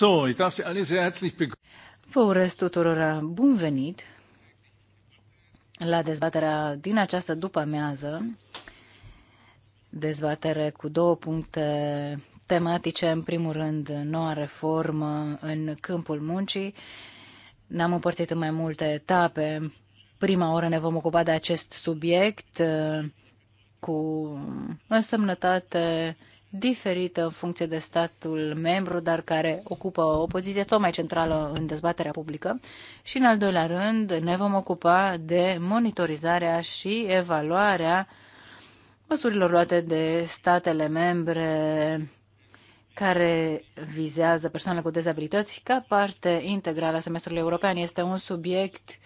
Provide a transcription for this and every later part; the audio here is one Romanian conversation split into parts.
So, ich darf Sie alle sehr herzlich Vă urez tuturor bun venit la dezbaterea din această după-amiază, dezbatere cu două puncte tematice. În primul rând, noua reformă în câmpul muncii. Ne-am împărțit în mai multe etape. Prima oră ne vom ocupa de acest subiect uh, cu însemnătate diferită în funcție de statul membru, dar care ocupă o poziție tot mai centrală în dezbaterea publică. Și, în al doilea rând, ne vom ocupa de monitorizarea și evaluarea măsurilor luate de statele membre care vizează persoanele cu dezabilități ca parte integrală a semestrului european. Este un subiect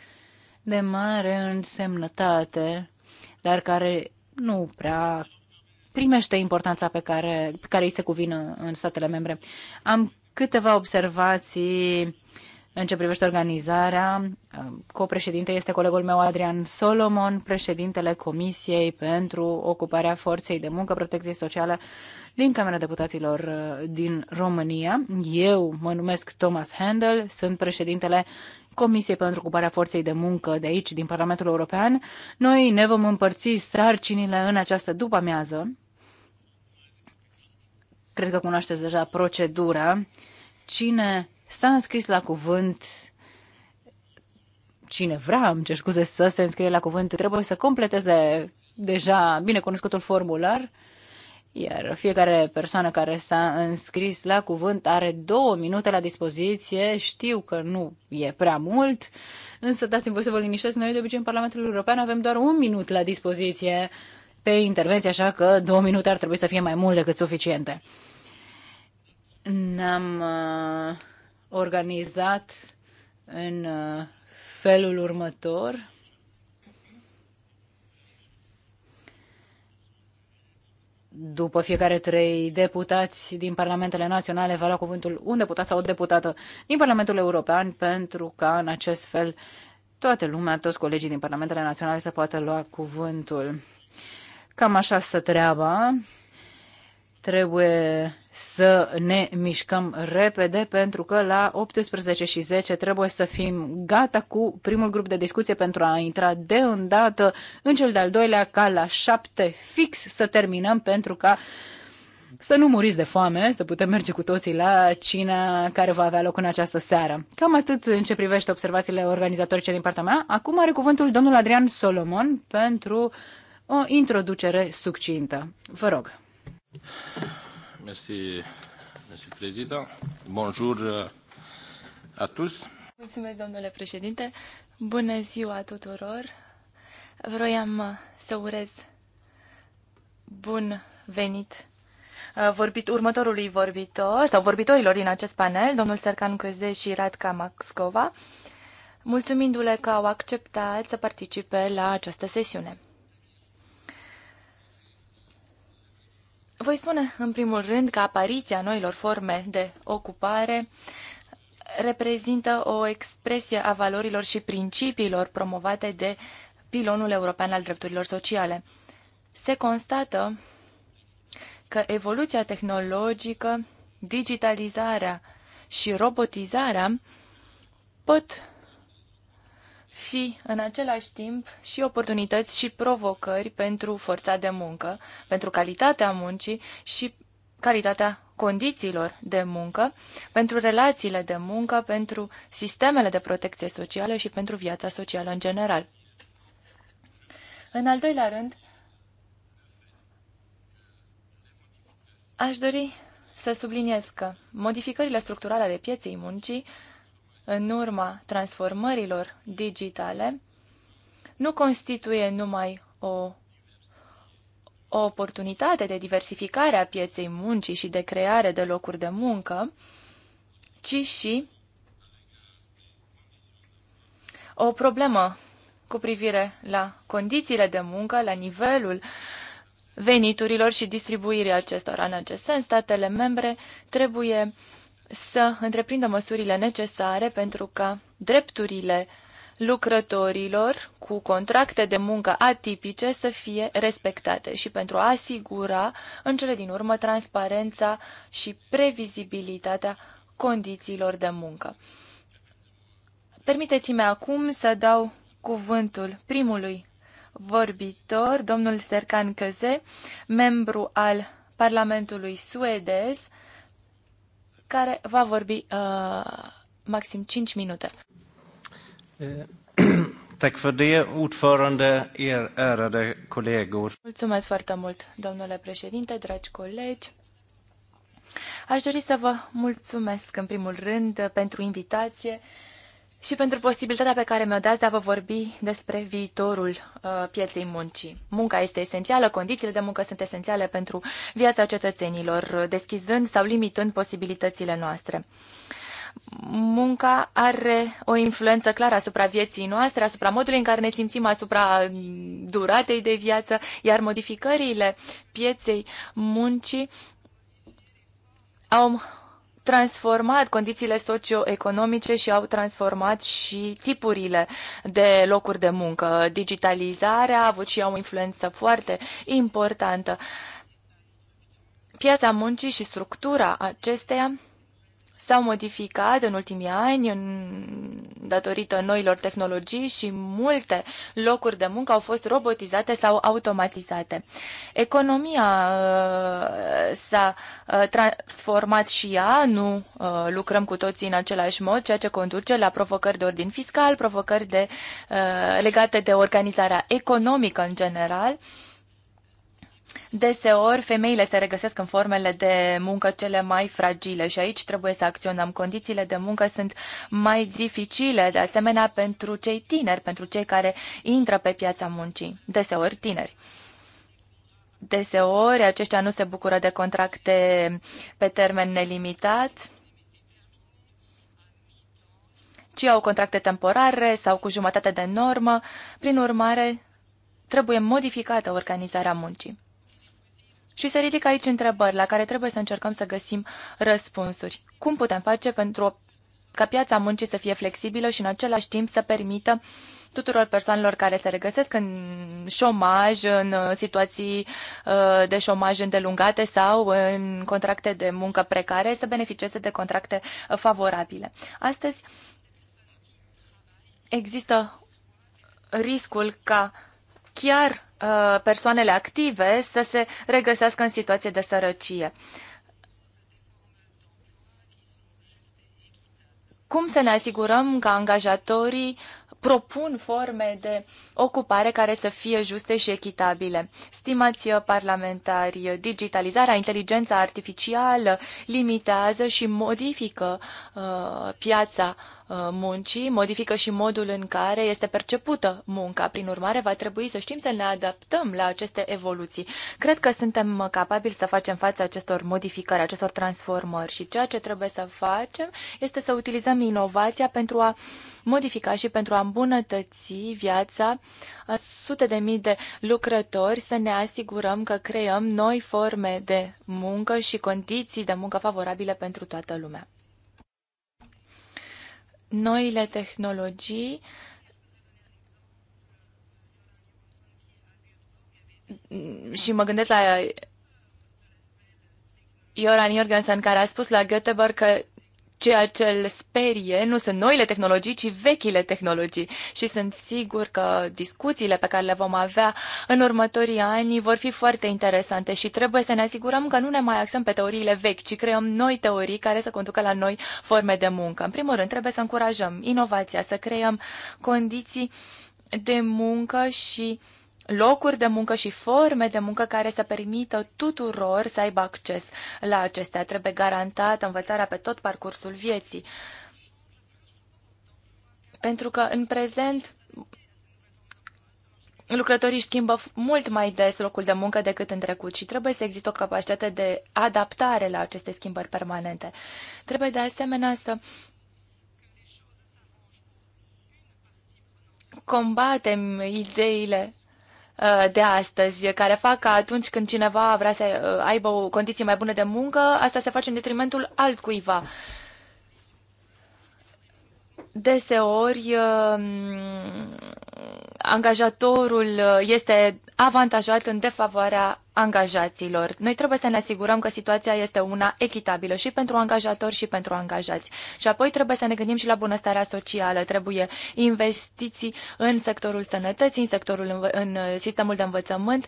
de mare însemnătate, dar care nu prea primește importanța pe care, pe care îi se cuvină în statele membre. Am câteva observații în ce privește organizarea. Copreședinte este colegul meu Adrian Solomon, președintele Comisiei pentru Ocuparea Forței de Muncă, Protecție Socială din Camera Deputaților uh, din România. Eu mă numesc Thomas Handel, sunt președintele Comisiei pentru Ocuparea Forței de Muncă de aici, din Parlamentul European. Noi ne vom împărți sarcinile în această după-amiază Cred că cunoașteți deja procedura. Cine s-a înscris la cuvânt, cine vrea, îmi cer scuze, să se înscrie la cuvânt, trebuie să completeze deja binecunoscutul formular, iar fiecare persoană care s-a înscris la cuvânt are două minute la dispoziție. Știu că nu e prea mult, însă dați-mi voi să vă liniștesc. Noi de obicei în Parlamentul European avem doar un minut la dispoziție pe intervenție, așa că două minute ar trebui să fie mai mult decât suficiente. Ne-am uh, organizat în uh, felul următor. După fiecare trei deputați din parlamentele naționale va lua cuvântul un deputat sau o deputată din Parlamentul European pentru ca în acest fel toată lumea, toți colegii din parlamentele naționale să poată lua cuvântul. Cam așa stă treaba. Trebuie să ne mișcăm repede pentru că la 18 și 10 trebuie să fim gata cu primul grup de discuție pentru a intra de îndată în cel de-al doilea ca la 7 fix să terminăm pentru ca să nu muriți de foame, să putem merge cu toții la cina care va avea loc în această seară. Cam atât în ce privește observațiile organizatorice din partea mea. Acum are cuvântul domnul Adrian Solomon pentru o introducere succintă. Vă rog. Mersi, mersi Bonjour euh, tous. Mulțumesc, domnule președinte. Bună ziua tuturor. Vroiam uh, să urez bun venit uh, vorbit, următorului vorbitor sau vorbitorilor din acest panel, domnul Sercan Căze și Radka Maxcova, mulțumindu-le că au acceptat să participe la această sesiune. Voi spune, în primul rând, că apariția noilor forme de ocupare reprezintă o expresie a valorilor și principiilor promovate de pilonul european al drepturilor sociale. Se constată că evoluția tehnologică, digitalizarea și robotizarea pot fi în același timp și oportunități și provocări pentru forța de muncă, pentru calitatea muncii și calitatea condițiilor de muncă, pentru relațiile de muncă, pentru sistemele de protecție socială și pentru viața socială în general. În al doilea rând, aș dori să subliniez că modificările structurale ale pieței muncii în urma transformărilor digitale nu constituie numai o, o oportunitate de diversificare a pieței muncii și de creare de locuri de muncă, ci și o problemă cu privire la condițiile de muncă, la nivelul veniturilor și distribuirea acestora. În acest sens, statele membre trebuie să întreprindă măsurile necesare pentru ca drepturile lucrătorilor cu contracte de muncă atipice să fie respectate și pentru a asigura în cele din urmă transparența și previzibilitatea condițiilor de muncă. Permiteți-mi acum să dau cuvântul primului vorbitor, domnul Serkan Căze, membru al Parlamentului suedez, care va vorbi uh, maxim 5 minute. Eh, tack för det, ordförande, er ärade kollegor. Mulțumesc foarte mult, domnule președinte, dragi colegi. Aș dori să vă mulțumesc în primul rând pentru invitație. Uh, și pentru posibilitatea pe care mi-o dați de a vă vorbi despre viitorul uh, pieței muncii. Munca este esențială, condițiile de muncă sunt esențiale pentru viața cetățenilor, deschizând sau limitând posibilitățile noastre. Munca are o influență clară asupra vieții noastre, asupra modului în care ne simțim, asupra mm, duratei de viață, iar modificările pieței muncii au transformat condițiile socioeconomice și au transformat și tipurile de locuri de muncă. Digitalizarea a avut și ea o influență foarte importantă. Piața muncii și structura acesteia s-au modificat în ultimii ani în, datorită noilor tehnologii și multe locuri de muncă au fost robotizate sau automatizate. Economia uh, s-a uh, transformat și ea, nu uh, lucrăm cu toții în același mod, ceea ce conduce la provocări de ordin fiscal, provocări de, legate de organizarea economică în general. Uh, Deseori, femeile se regăsesc în formele de muncă cele mai fragile și aici trebuie să acționăm. Condițiile de muncă sunt mai dificile, de asemenea, pentru cei tineri, pentru cei care intră pe piața muncii, deseori tineri. Deseori, aceștia nu se bucură de contracte pe termen nelimitat, ci au contracte temporare sau cu jumătate de normă. Prin urmare, trebuie modificată organizarea muncii. Și se ridică aici întrebări la care trebuie să încercăm să găsim răspunsuri. Cum putem face pentru ca piața muncii să fie flexibilă și în același timp să permită tuturor persoanelor care se regăsesc în șomaj, în situații uh, de șomaj îndelungate sau în contracte de muncă precare să beneficieze de contracte uh, favorabile. Astăzi există riscul ca chiar Uh, persoanele active să se regăsească în situație de sărăcie. Cum să ne asigurăm că angajatorii propun forme de ocupare care să fie juste și echitabile. Stimați parlamentari, digitalizarea, inteligența artificială limitează și modifică uh, piața Uh, muncii modifică și modul în care este percepută munca. Prin urmare, va trebui să știm să ne adaptăm la aceste evoluții. Cred că suntem capabili să facem față acestor modificări, acestor transformări și ceea ce trebuie să facem este să utilizăm inovația pentru a modifica și pentru a îmbunătăți viața a sute de mii de lucrători, să ne asigurăm că creăm noi forme de muncă și condiții de muncă favorabile pentru toată lumea noile tehnologii și mă gândesc la Ioran Jorgensen, care a spus la Göteborg că ceea ce îl sperie nu sunt noile tehnologii, ci vechile tehnologii. Și sunt sigur că discuțiile pe care le vom avea în următorii ani vor fi foarte interesante și trebuie să ne asigurăm că nu ne mai axăm pe teoriile vechi, ci creăm noi teorii care să conducă la noi forme de muncă. În primul rând, trebuie să încurajăm inovația, să creăm condiții de muncă și uh, locuri de muncă și forme de muncă care să permită tuturor să aibă acces la acestea. Trebuie garantată învățarea pe tot parcursul vieții. Pentru că în prezent lucrătorii își schimbă mult mai des locul de muncă decât în trecut și trebuie să există o capacitate de adaptare la aceste schimbări permanente. Trebuie de asemenea să combatem ideile Uh, de astăzi, care fac ca atunci când cineva vrea să uh, aibă o condiție mai bună de muncă, asta se face în detrimentul altcuiva. Deseori uh, angajatorul uh, este avantajat în defavoarea angajaților. Noi trebuie să ne asigurăm că situația este una echitabilă și pentru angajatori și pentru angajați. Și apoi trebuie să ne gândim și la bunăstarea socială. Trebuie investiții în sectorul sănătății, în, sectorul, în uh, sistemul de învățământ,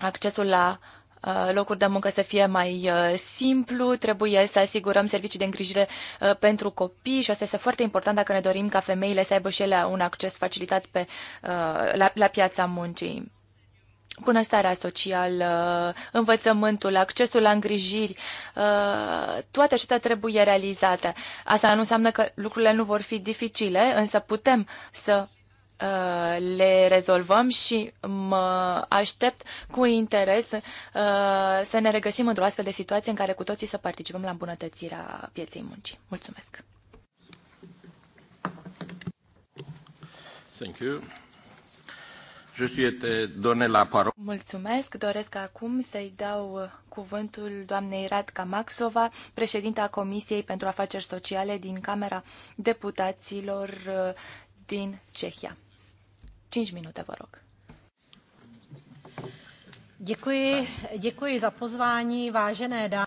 accesul la Uh, locuri de muncă să fie mai uh, simplu, trebuie să asigurăm servicii de îngrijire uh, pentru copii și asta este foarte important dacă ne dorim ca femeile să aibă și ele un acces facilitat pe, la, la piața muncii bunăstarea socială, învățământul, accesul la îngrijiri, toate acestea trebuie realizate. Asta nu înseamnă că lucrurile nu vor fi dificile, însă putem să Uh, le rezolvăm și mă aștept cu interes uh, să ne regăsim într-o astfel de situație în care cu toții să participăm la îmbunătățirea pieței muncii. Mulțumesc! Thank you. Je suis donné la parole. Mulțumesc. Doresc acum să-i dau cuvântul doamnei Radka Maxova, președinta Comisiei pentru Afaceri Sociale din Camera Deputaților uh, din Cehia. 5 minute, vă rog. Děkuji, děkuji za pozvání, vážené dámy.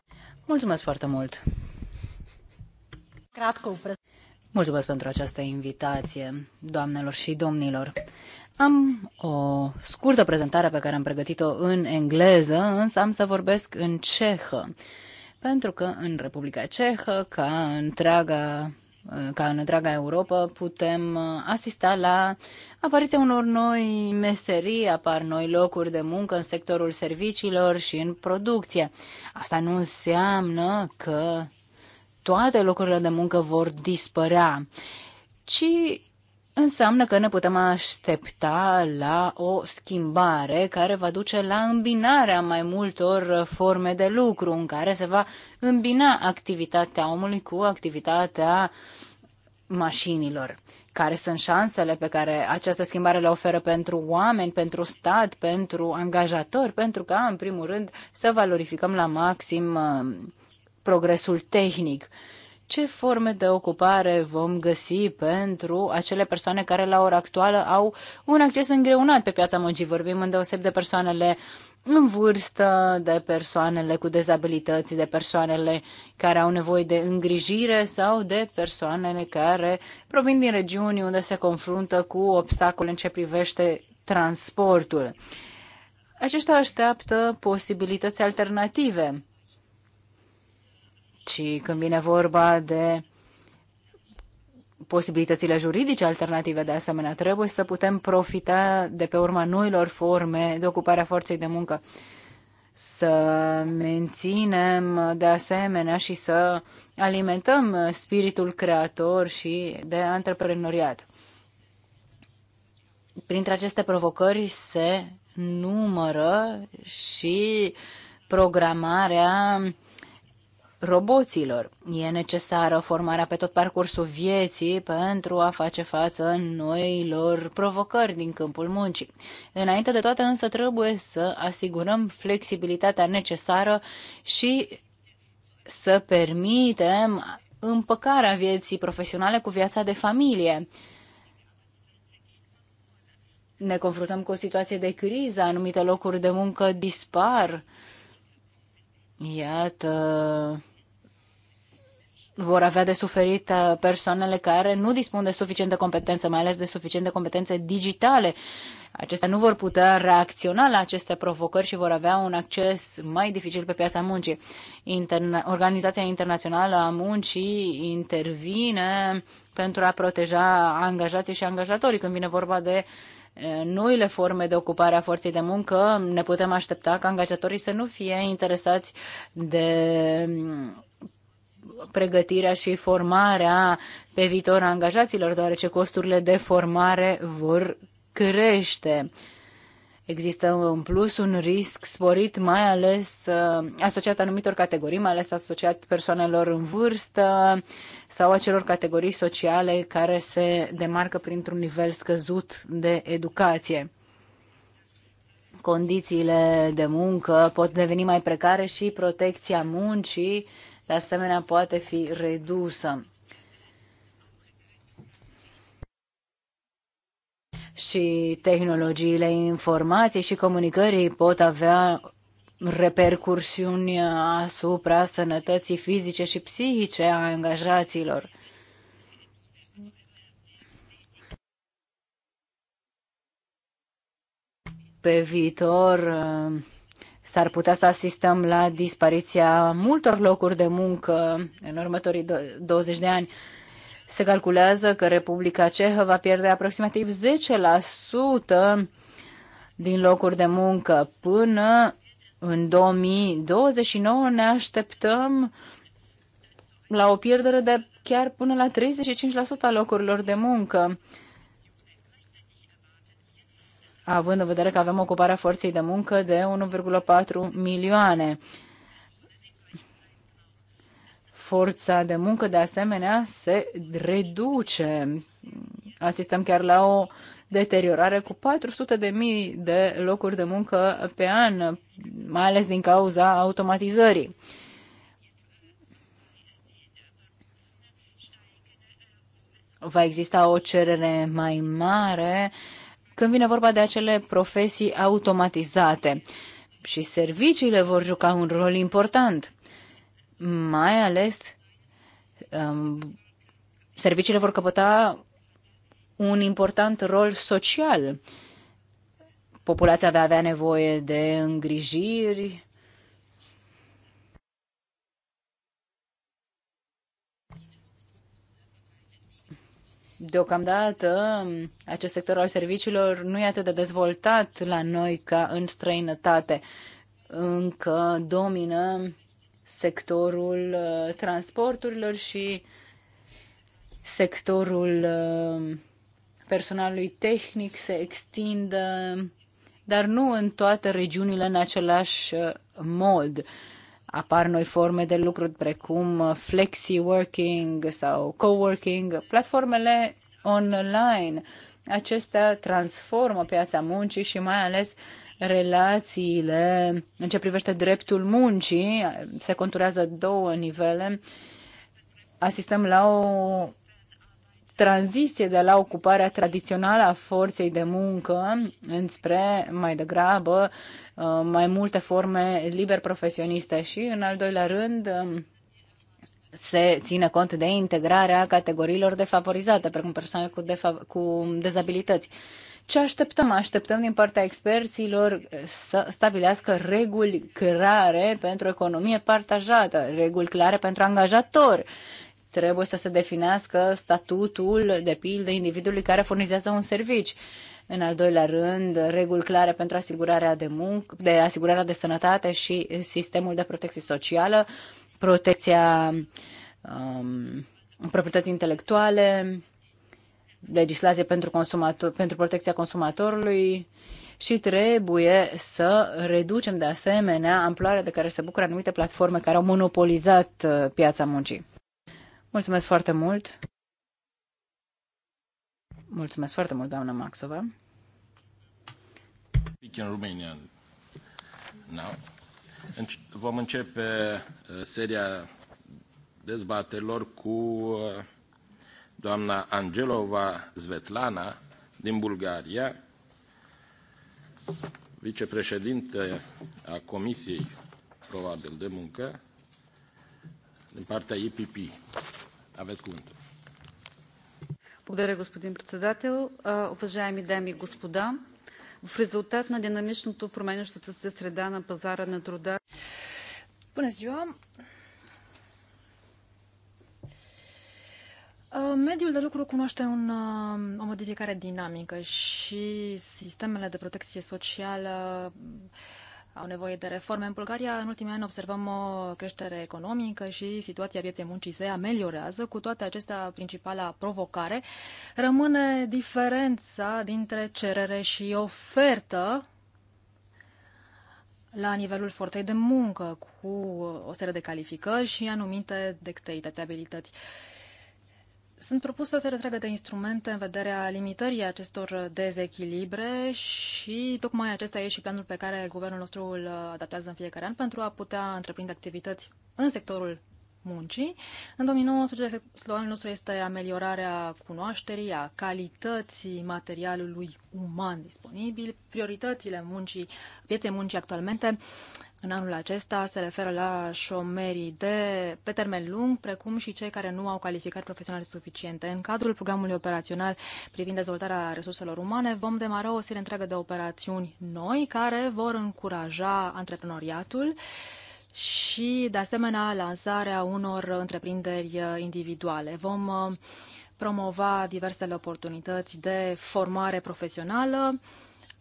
Mulțumesc foarte mult. Krátkou Mulțumesc pentru această invitație, doamnelor și domnilor. Am o scurtă prezentare pe care am pregătit-o în engleză, însă am să vorbesc în cehă. Pentru că în Republica Cehă, ca întreaga ca în întreaga Europa, putem uh, asista la apariția unor noi meserii, apar noi locuri de muncă în sectorul serviciilor și în producție. Asta nu înseamnă că toate locurile de muncă vor dispărea, ci înseamnă că ne putem aștepta la o schimbare care va duce la îmbinarea mai multor forme de lucru, în care se va îmbina activitatea omului cu activitatea mașinilor. Care sunt șansele pe care această schimbare le oferă pentru oameni, pentru stat, pentru angajatori, pentru ca, în primul rând, să valorificăm la maxim uh, progresul tehnic ce forme de ocupare vom găsi pentru acele persoane care la ora actuală au un acces îngreunat pe piața muncii. Vorbim îndeoseb de persoanele în vârstă, de persoanele cu dezabilități, de persoanele care au nevoie de îngrijire sau de persoanele care provin din regiuni unde se confruntă cu obstacole în ce privește transportul. Aceștia așteaptă posibilități alternative ci când vine vorba de posibilitățile juridice alternative de asemenea. Trebuie să putem profita de pe urma noilor forme de ocupare a forței de muncă. Să menținem de asemenea și să alimentăm spiritul creator și de antreprenoriat. Printre aceste provocări se numără și programarea uh, roboților. E necesară formarea pe tot parcursul vieții pentru a face față noilor provocări din câmpul muncii. Înainte de toate însă trebuie să asigurăm flexibilitatea necesară și să permitem împăcarea vieții profesionale cu viața de familie. Ne confruntăm cu o situație de criză, anumite locuri de muncă dispar. Iată vor avea de suferit uh, persoanele care nu dispun de suficientă competență, mai ales de suficiente competențe digitale. Acestea nu vor putea reacționa la aceste provocări și vor avea un acces mai dificil pe piața muncii. Interna- Organizația Internațională a Muncii intervine pentru a proteja angajații și angajatorii când vine vorba de uh, noile forme de ocupare a forței de muncă, ne putem aștepta ca angajatorii să nu fie interesați de pregătirea și formarea pe viitor a angajaților, deoarece costurile de formare vor crește. Există în plus un risc sporit, mai ales uh, asociat anumitor categorii, mai ales asociat persoanelor în vârstă sau acelor categorii sociale care se demarcă printr-un nivel scăzut de educație condițiile de muncă pot deveni mai precare și protecția muncii de asemenea poate fi redusă. Și tehnologiile informației și comunicării pot avea repercursiuni asupra sănătății fizice și psihice a angajaților. Pe viitor, s-ar putea să asistăm la dispariția multor locuri de muncă în următorii 20 de ani. Se calculează că Republica Cehă va pierde aproximativ 10% din locuri de muncă până în 2029 ne așteptăm la o pierdere de chiar până la 35% a locurilor de muncă având în vedere că avem ocuparea forței de muncă de 1,4 milioane. Forța de muncă, de asemenea, se reduce. Asistăm chiar la o deteriorare cu 400 de mii de locuri de muncă pe an, mai ales din cauza automatizării. Va exista o cerere mai mare uh, când vine vorba de acele profesii automatizate. Și serviciile vor juca un rol important, mai ales um, serviciile vor căpăta un important rol social. Populația va avea nevoie de îngrijiri, Deocamdată, acest sector al serviciilor nu e atât de dezvoltat la noi ca în străinătate. Încă domină sectorul uh, transporturilor și sectorul uh, personalului tehnic se extinde, dar nu în toate regiunile în același uh, mod. Apar noi forme de lucru precum uh, flexi-working sau co-working, platformele online. Acestea transformă piața muncii și mai ales relațiile în ce privește dreptul muncii. Se conturează două nivele. Asistăm la o tranziție de la ocuparea tradițională a forței de muncă înspre mai degrabă uh, mai multe forme liber profesioniste și, în al doilea rând, um, se ține cont de integrarea categoriilor defavorizate, precum persoane cu, defav- cu dezabilități. Ce așteptăm? Așteptăm din partea experților să stabilească reguli clare pentru economie partajată, reguli clare pentru angajatori, Trebuie să se definească statutul, de pildă, individului care furnizează un serviciu. În al doilea rând, reguli clare pentru asigurarea de muncă, de asigurarea de sănătate și sistemul de protecție socială, protecția um, proprietății intelectuale, legislație pentru, consumator, pentru protecția consumatorului și trebuie să reducem de asemenea amploarea de care se bucură anumite platforme care au monopolizat uh, piața muncii. Mulțumesc foarte mult! Mulțumesc foarte mult, doamna Maxova. România, now. Vom începe uh, seria dezbaterilor cu uh, doamna Angelova Zvetlana din Bulgaria, vicepreședinte a Comisiei, probabil, de muncă, din partea IPP. Aveți cuvântul. Благодаря, господин председател. Уважаеми дами и господа, в резултат на динамичното променящата се среда на пазара на труда. Bună ziua! Mediul de lucru cunoaște un, o modificare dinamică și sistemele de protecție socială uh, au nevoie de reforme. În Bulgaria, în ultimii ani, observăm o creștere economică și situația vieții muncii se ameliorează. Cu toate acestea, principala provocare rămâne diferența dintre cerere și ofertă la nivelul forței de muncă, cu o serie de calificări și anumite dexterități, abilități. Sunt propusă să retragă de instrumente în vederea limitării acestor dezechilibre și tocmai acesta e și planul pe care guvernul nostru îl adaptează în fiecare an pentru a putea întreprinde activități în sectorul muncii. În 2019, sloganul nostru este ameliorarea cunoașterii, a calității materialului uman disponibil. Prioritățile muncii, pieței muncii actualmente în anul acesta se referă la șomerii de pe termen lung, precum și cei care nu au calificări profesionale suficiente. În cadrul programului operațional privind dezvoltarea resurselor umane, vom demara o serie întreagă de operațiuni noi care vor încuraja antreprenoriatul și, de asemenea, lansarea unor întreprinderi uh, individuale. Vom uh, promova diversele oportunități de formare profesională,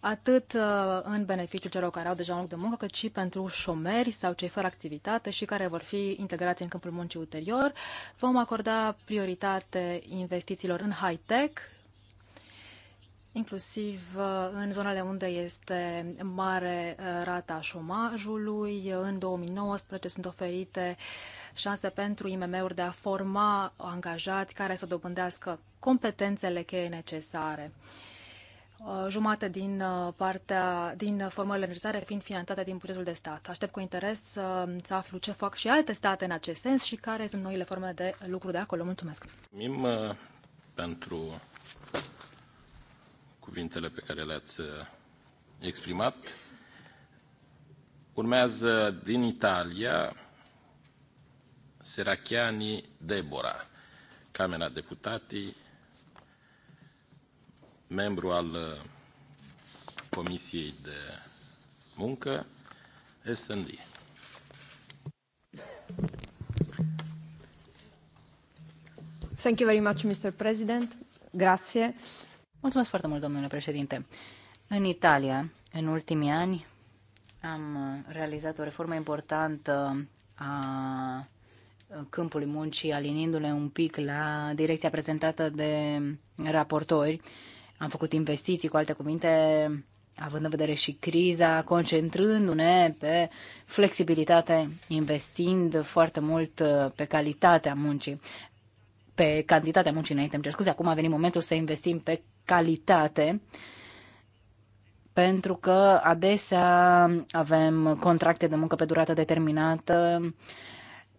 atât uh, în beneficiul celor care au deja un loc de muncă, cât și pentru șomeri sau cei fără activitate și care vor fi integrați în câmpul muncii ulterior. Vom acorda prioritate investițiilor în high-tech inclusiv uh, în zonele unde este mare uh, rata șomajului. În 2019 sunt oferite șanse pentru IMM-uri de a forma angajați care să dobândească competențele cheie necesare. Uh, jumate din partea din formările necesare fiind finanțate din bugetul de stat. Aștept cu interes să, să aflu ce fac și alte state în acest sens și care sunt noile forme de lucru de acolo. Mulțumesc! Mim pentru cuvintele pe care le-ați uh, exprimat. Urmează din Italia Serachiani Debora, Camera Deputatii, membru al uh, Comisiei de Muncă, S&D. Thank you very much, Mr. President. Grazie. Mulțumesc foarte mult, domnule președinte. În Italia, în ultimii ani, am uh, realizat o reformă importantă uh, a câmpului muncii, alinindu-le un pic la direcția prezentată de raportori. Am făcut investiții, cu alte cuvinte, având în vedere și criza, concentrându-ne pe flexibilitate, investind foarte mult uh, pe calitatea muncii pe cantitatea muncii înainte, îmi cer scuze, acum a venit momentul să investim pe calitate pentru că adesea avem contracte de muncă pe durată determinată,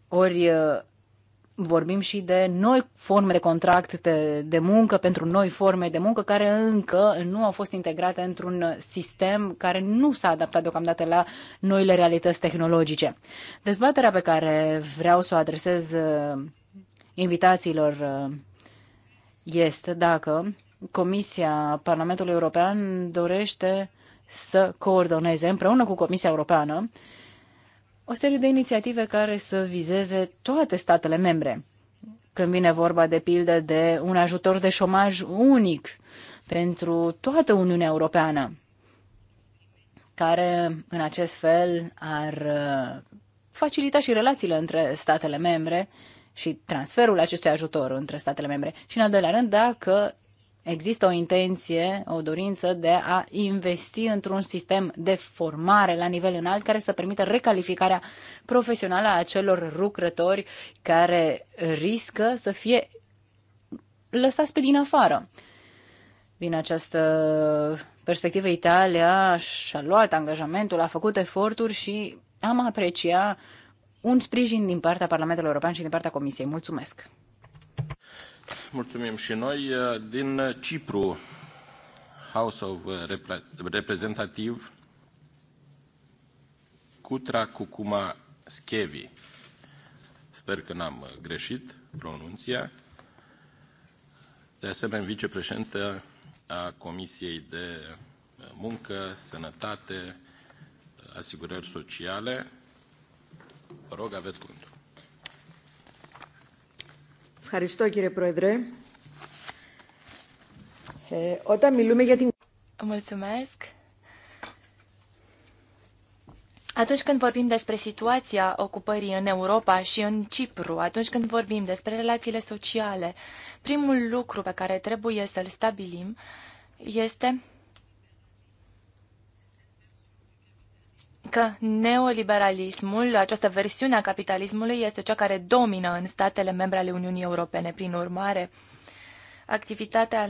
ori uh, vorbim și de noi forme de contract de, de muncă pentru noi forme de muncă care încă nu au fost integrate într-un sistem care nu s-a adaptat deocamdată la noile realități tehnologice. Dezbaterea pe care vreau să o adresez uh, invitațiilor uh, este dacă Comisia Parlamentului European dorește să coordoneze împreună cu Comisia Europeană o serie de inițiative care să vizeze toate statele membre. Când vine vorba de pildă de un ajutor de șomaj unic pentru toată Uniunea Europeană, care în acest fel ar uh, facilita și relațiile între statele membre și transferul acestui ajutor între statele membre. Și în al doilea rând, dacă există o intenție, o dorință de a investi într-un sistem de formare la nivel înalt care să permită recalificarea profesională a celor lucrători care riscă să fie lăsați pe din afară. Din această perspectivă, Italia și-a luat angajamentul, a făcut eforturi și am aprecia un sprijin din partea Parlamentului European și din partea Comisiei. Mulțumesc! Mulțumim și noi. Uh, din uh, Cipru, House of uh, Representative, Cutra Cucuma Schevi. Sper că n-am greșit pronunția. De asemenea, vicepreședintă a Comisiei de Muncă, Sănătate, Asigurări Sociale. Vă rog, aveți cuvânt. Mulțumesc. Atunci când vorbim despre situația ocupării în Europa și în Cipru, atunci când vorbim despre relațiile sociale, primul lucru pe care trebuie să-l stabilim este că neoliberalismul, această versiune a capitalismului, este cea care domină în statele membre ale Uniunii Europene. Prin urmare, activitatea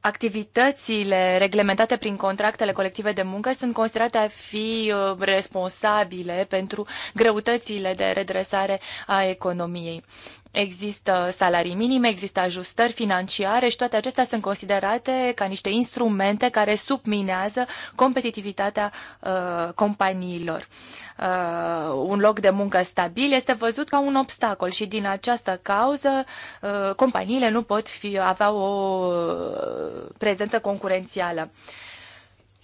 activitățile reglementate prin contractele colective de muncă sunt considerate a fi uh, responsabile pentru greutățile de redresare a economiei. Există salarii minime, există ajustări financiare și toate acestea sunt considerate ca niște instrumente care subminează competitivitatea uh, companiilor. Uh, un loc de muncă stabil este văzut ca un obstacol și din această cauză uh, companiile nu pot fi, avea o uh, prezență concurențială. Uh,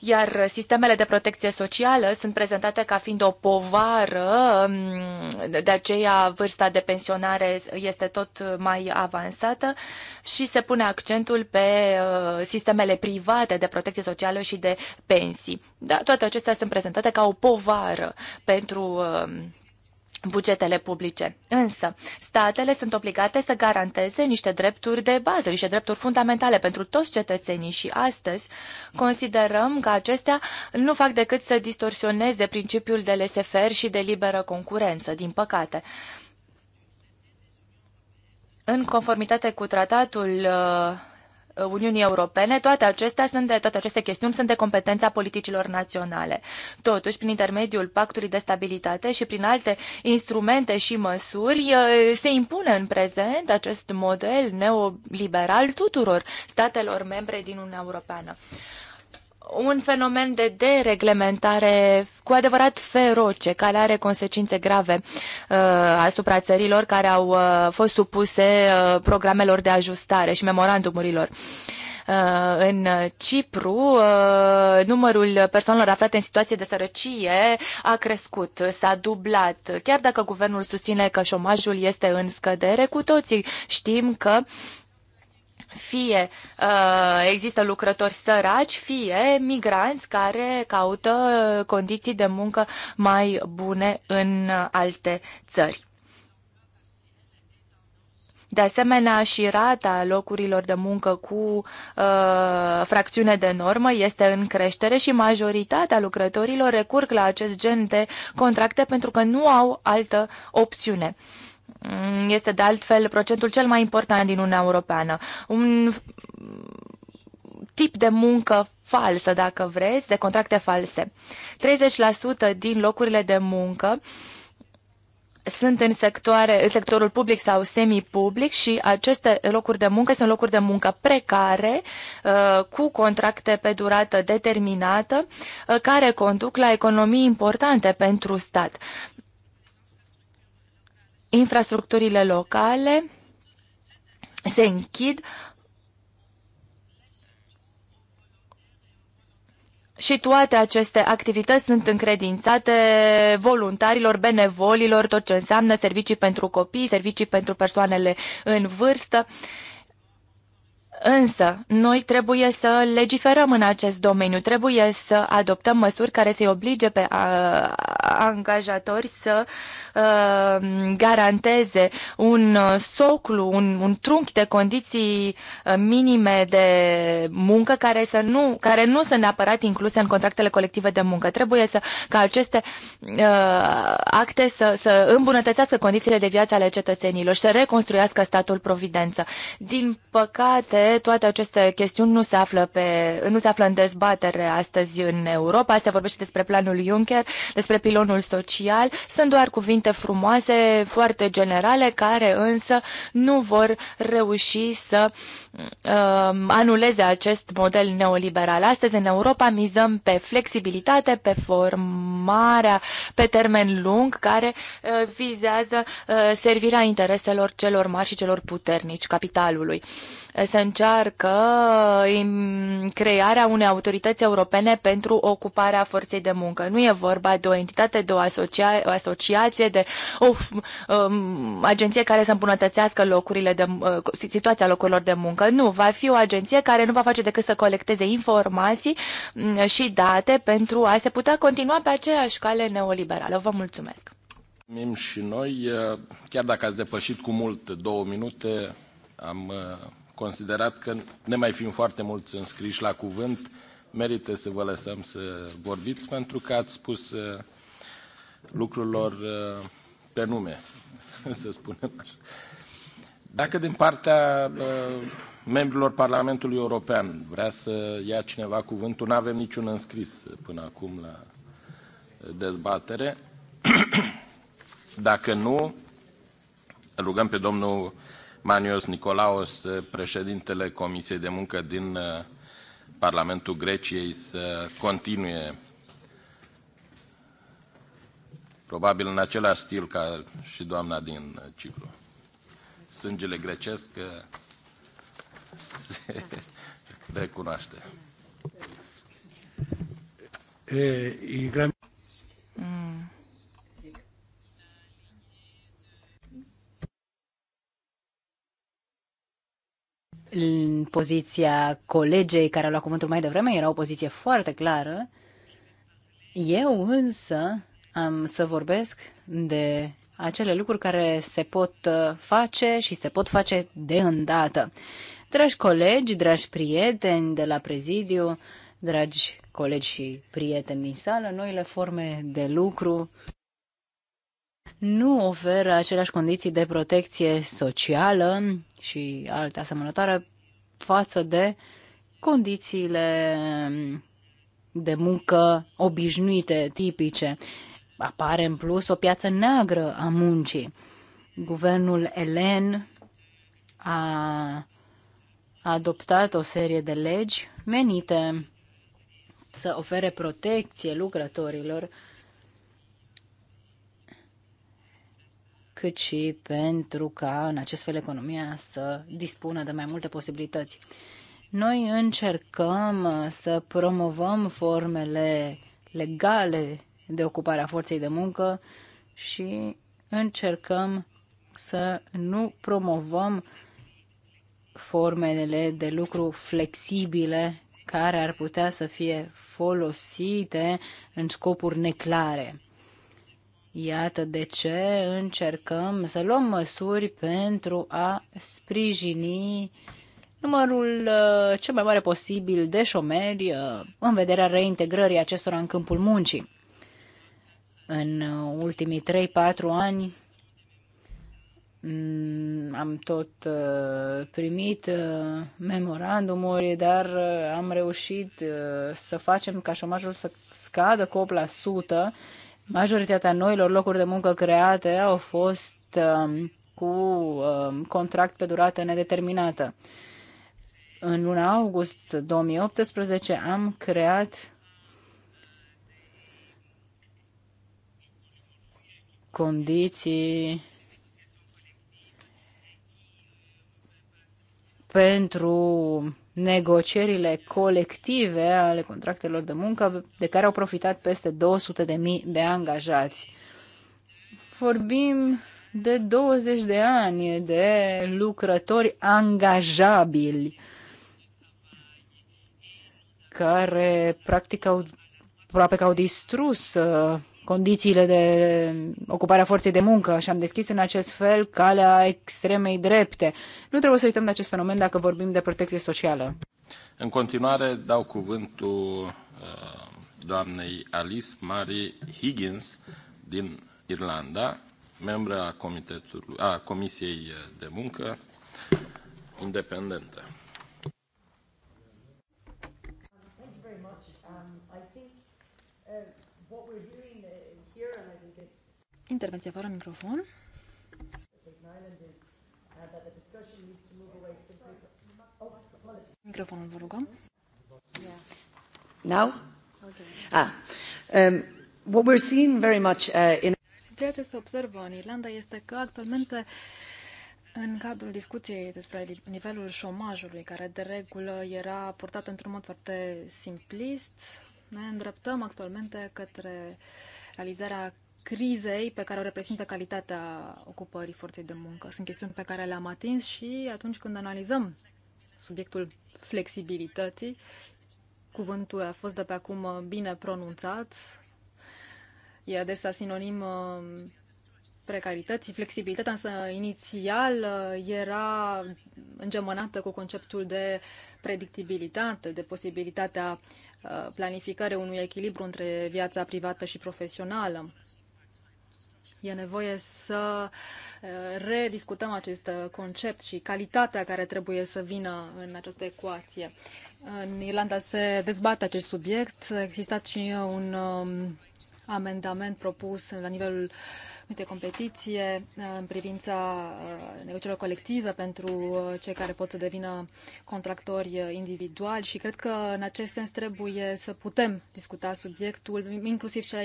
iar sistemele de protecție socială sunt prezentate ca fiind o povară, mm, de aceea vârsta de pensionare este tot mai avansată și se pune accentul pe uh, sistemele private de protecție socială și de pensii. Da, toate acestea sunt prezentate ca o povară pentru uh, bugetele publice. Însă, statele sunt obligate să garanteze niște drepturi de bază, niște drepturi fundamentale pentru toți cetățenii și astăzi considerăm că acestea nu fac decât să distorsioneze principiul de lesefer și de liberă concurență, din păcate. În conformitate cu tratatul uh, Uh, Uniunii Europene, toate, acestea sunt de, toate aceste chestiuni sunt de competența politicilor naționale. Totuși, prin intermediul Pactului de Stabilitate și prin alte instrumente și măsuri, uh, se impune în prezent acest model neoliberal tuturor statelor membre din Uniunea Europeană un fenomen de dereglementare cu adevărat feroce, care are consecințe grave uh, asupra țărilor care au uh, fost supuse uh, programelor de ajustare și memorandumurilor. Uh, în Cipru, uh, numărul persoanelor aflate în situație de sărăcie a crescut, s-a dublat. Chiar dacă guvernul susține că șomajul este în scădere, cu toții știm că uh, fie uh, există lucrători săraci, fie migranți care caută condiții de muncă mai bune în alte țări. De asemenea, și rata locurilor de muncă cu uh, fracțiune de normă este în creștere și majoritatea lucrătorilor recurg la acest gen de contracte pentru că nu au altă opțiune. Uh, Mm, este de altfel procentul cel mai important din Uniunea Europeană. Un tip de muncă falsă, dacă vreți, de contracte false. 30% din locurile de muncă sunt în, sectoare, în sectorul public sau semi-public și aceste locuri de muncă sunt locuri de muncă precare, uh, cu contracte pe durată determinată, uh, care conduc la economii importante pentru stat infrastructurile locale se închid Și toate aceste activități sunt încredințate voluntarilor, benevolilor, tot ce înseamnă servicii pentru copii, servicii pentru persoanele în vârstă. Însă, noi trebuie să legiferăm în acest domeniu, trebuie să adoptăm măsuri care să-i oblige pe angajatori să uh, garanteze un uh, soclu, un, un trunchi de condiții uh, minime de muncă care, să nu, care nu sunt neapărat incluse în contractele colective de muncă. Trebuie să, ca aceste uh, acte să, să îmbunătățească condițiile de viață ale cetățenilor și să reconstruiască statul providență. Din păcate, toate aceste chestiuni nu se află, pe, nu se află în dezbatere astăzi în Europa. Se vorbește despre planul Juncker, despre pil pilonul social sunt doar cuvinte frumoase, foarte generale, care însă nu vor reuși să uh, anuleze acest model neoliberal. Astăzi, în Europa, mizăm pe flexibilitate, pe formarea pe termen lung, care uh, vizează uh, servirea intereselor celor mari și celor puternici, capitalului. Uh, se încearcă crearea unei autorități europene pentru ocuparea forței de muncă. Nu e vorba de o entitate, de o, asocia- o asociație, de o um, agenție care să îmbunătățească locurile de, uh, situația locurilor de muncă. Nu, va fi o agenție care nu va face decât să colecteze informații mm, și date pentru a se putea continua pe aceeași cale neoliberală. Vă mulțumesc! Mim și noi. Chiar dacă ați depășit cu mult două minute, am uh, considerat că, nemai fiind foarte mulți înscriși la cuvânt, merită să vă lăsăm să vorbiți, pentru că ați spus uh, lucrurilor uh, pe nume, să spunem așa. Dacă din partea uh, membrilor Parlamentului European vrea să ia cineva cuvântul, nu avem niciun înscris până acum la dezbatere. Dacă nu, rugăm pe domnul Manios Nicolaos, președintele Comisiei de Muncă din uh, Parlamentul Greciei, să continue probabil în același stil ca și doamna din uh, ciclu. Sângele grecesc uh, se recunoaște. E, mm. în poziția colegei care a luat cuvântul mai devreme, era o poziție foarte clară. Eu însă am să vorbesc de acele lucruri care se pot uh, face și se pot face de îndată. Dragi colegi, dragi prieteni de la prezidiu, dragi colegi și prieteni din sală, noile forme de lucru nu oferă aceleași condiții de protecție socială și alte asemănătoare față de condițiile de muncă obișnuite, tipice. Apare în plus o piață neagră a muncii. Guvernul elen a adoptat o serie de legi menite să ofere protecție lucrătorilor cât și pentru ca în acest fel economia să dispună de mai multe posibilități. Noi încercăm să promovăm formele legale de ocupare a forței de muncă și încercăm să nu promovăm formele de lucru flexibile care ar putea să fie folosite în scopuri neclare. Iată de ce încercăm să luăm măsuri pentru a sprijini numărul uh, cel mai mare posibil de șomeri uh, în vederea reintegrării acestora în câmpul muncii. În uh, ultimii 3-4 ani mm, am tot primit memorandumuri, dar am reușit să facem ca șomajul să scadă cu 8% Majoritatea noilor locuri de muncă create au fost um, cu um, contract pe durată nedeterminată. În luna august 2018 am creat condiții pentru negocierile colective ale contractelor de muncă de care au profitat peste 200.000 de, de angajați. Vorbim de 20 de ani de lucrători angajabili care practic au, aproape că au distrus uh, condițiile de ocupare a forței de muncă și am deschis în acest fel calea extremei drepte. Nu trebuie să uităm de acest fenomen dacă vorbim de protecție socială. În continuare dau cuvântul uh, doamnei Alice Mary Higgins din Irlanda, membră a Comisiei de Muncă Independentă. Intervenție fără microfon. Microfonul, vă rugăm. Now? Okay. Ah. Um, what we're seeing very much uh, in Ceea ce se observă în Irlanda este că actualmente în cadrul discuției despre nivelul șomajului, care de regulă era portat într-un mod foarte simplist, ne îndreptăm actualmente către realizarea crizei pe care o reprezintă calitatea ocupării forței de muncă. Sunt chestiuni pe care le-am atins și atunci când analizăm subiectul flexibilității, cuvântul a fost de pe acum uh, bine pronunțat, e adesea sinonim uh, precarității. Flexibilitatea însă inițial uh, era îngemănată cu conceptul de predictibilitate, de posibilitatea planificării unui echilibru între viața privată și profesională. E nevoie să rediscutăm acest concept și calitatea care trebuie să vină în această ecuație. În Irlanda se dezbate acest subiect. A existat și un um, amendament propus la nivelul uh, este competiție uh, în privința uh, negocierilor colective pentru uh, cei care pot să devină contractori individuali și cred că în acest sens trebuie să putem discuta subiectul, inclusiv cel,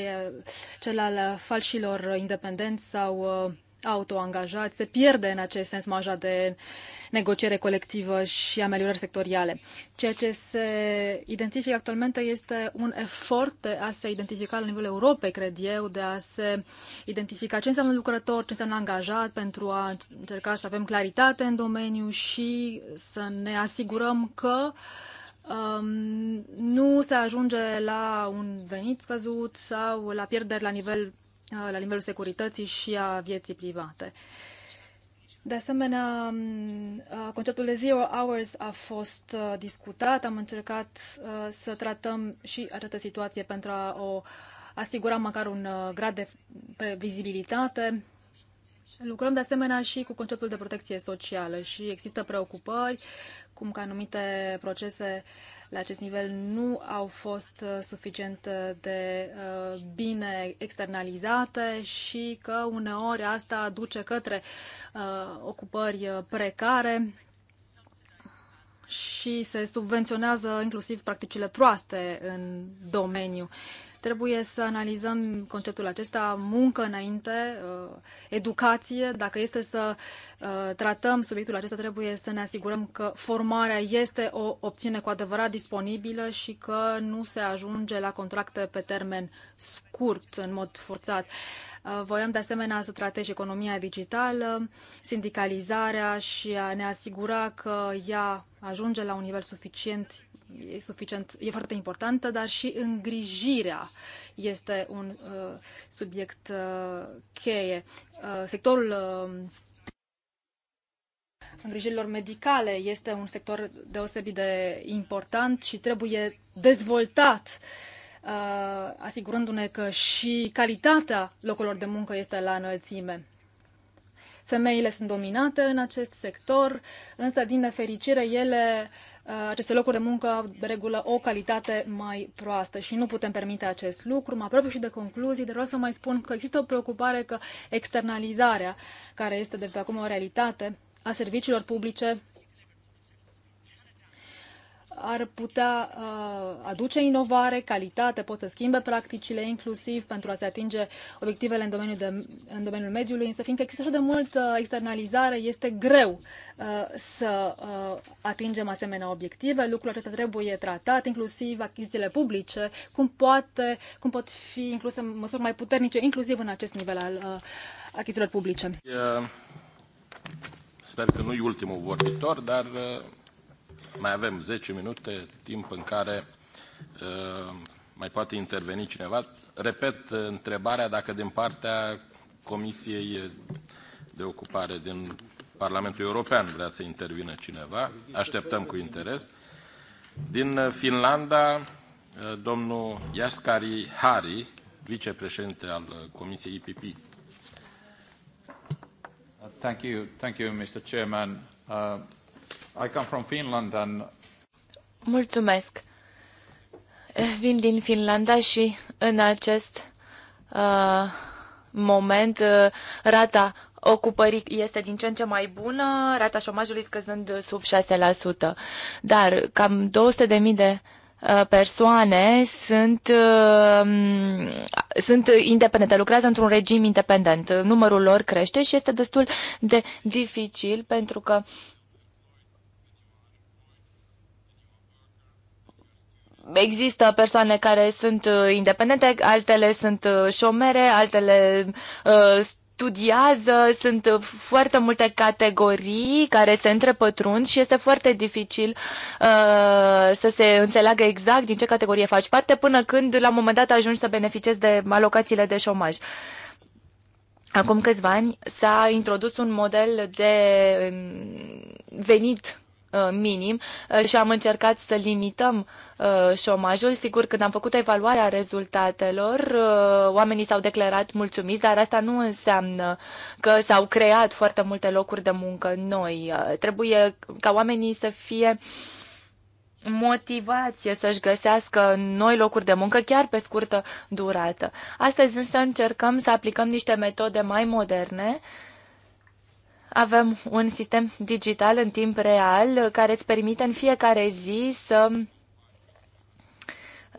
cel al falșilor independenți sau autoangajați se pierde în acest sens maja de negociere colectivă și ameliorări sectoriale. Ceea ce se identifică actualmente este un efort de a se identifica la nivelul Europei, cred eu, de a se identifica ce înseamnă lucrător, ce înseamnă angajat, pentru a încerca să avem claritate în domeniu și să ne asigurăm că um, nu se ajunge la un venit scăzut sau la pierderi la nivel la nivelul securității și a vieții private. De asemenea, conceptul de zero hours a fost discutat, am încercat să tratăm și această situație pentru a o asigura măcar un grad de previzibilitate. Lucrăm de asemenea și cu conceptul de protecție socială și există preocupări cum că anumite procese la acest nivel nu au fost uh, suficient de uh, bine externalizate și că uneori asta duce către uh, ocupări precare și se subvenționează inclusiv practicile proaste în domeniu. Trebuie să analizăm conceptul acesta, muncă înainte, uh, educație. Dacă este să uh, tratăm subiectul acesta, trebuie să ne asigurăm că formarea este o opțiune cu adevărat disponibilă și că nu se ajunge la contracte pe termen scurt, în mod forțat. Uh, voiam de asemenea să tratezi economia digitală, sindicalizarea și a ne asigura că ea ajunge la un nivel suficient e suficient, e foarte importantă, dar și îngrijirea este un uh, subiect uh, cheie. Uh, sectorul uh, îngrijirilor medicale este un sector deosebit de important și trebuie dezvoltat, uh, asigurându-ne că și calitatea locurilor de muncă este la înălțime. Femeile sunt dominate în acest sector, însă, din nefericire, ele uh, Uh, aceste locuri de muncă au de regulă o calitate mai proastă și nu putem permite acest lucru. Mă apropiu și de concluzii, dar vreau să mai spun că există o preocupare că externalizarea, care este de pe acum o realitate, a serviciilor publice ar putea uh, aduce inovare, calitate, pot să schimbe practicile inclusiv pentru a se atinge obiectivele în domeniul, de, în domeniul mediului, însă fiindcă există așa de mult uh, externalizare, este greu uh, să uh, atingem asemenea obiective. Lucrul acesta trebuie tratat, inclusiv achizițiile publice, cum, poate, cum pot fi incluse măsuri mai puternice, inclusiv în acest nivel al uh, achizițiilor publice. Sper că nu e ultimul vorbitor, dar uh mai avem 10 minute, timp în care uh, mai poate interveni cineva. Repet uh, întrebarea dacă din partea Comisiei de Ocupare din Parlamentul European vrea să intervină cineva. Așteptăm cu interes. Din uh, Finlanda, uh, domnul Jaskari Hari, vicepreședinte al Comisiei IPP. Thank you, thank you, Mr. Chairman. Uh, I come from Finland and... Mulțumesc. Vin din Finlanda și în acest uh, moment uh, rata ocupării este din ce în ce mai bună, rata șomajului scăzând sub 6%. Dar cam 200.000 de uh, persoane sunt, uh, sunt independente, lucrează într-un regim independent. Numărul lor crește și este destul de dificil pentru că uh, Există persoane care sunt uh, independente, altele sunt uh, șomere, altele uh, studiază, sunt uh, foarte multe categorii care se întrepătrund și este foarte dificil uh, să se înțeleagă exact din ce categorie faci parte până când la un moment dat ajungi să beneficiezi de alocațiile de șomaj. Acum câțiva ani s-a introdus un model de um, venit Uh, minim uh, și am încercat să limităm uh, șomajul. Sigur, când am făcut evaluarea rezultatelor, oamenii s-au declarat mulțumiți, dar asta nu înseamnă că s-au creat foarte multe locuri de muncă noi. Trebuie ca oamenii să fie motivație să-și găsească noi locuri de muncă chiar pe scurtă durată. Astăzi însă încercăm să aplicăm niște metode mai moderne uh, avem un sistem digital în timp real care îți permite în fiecare zi să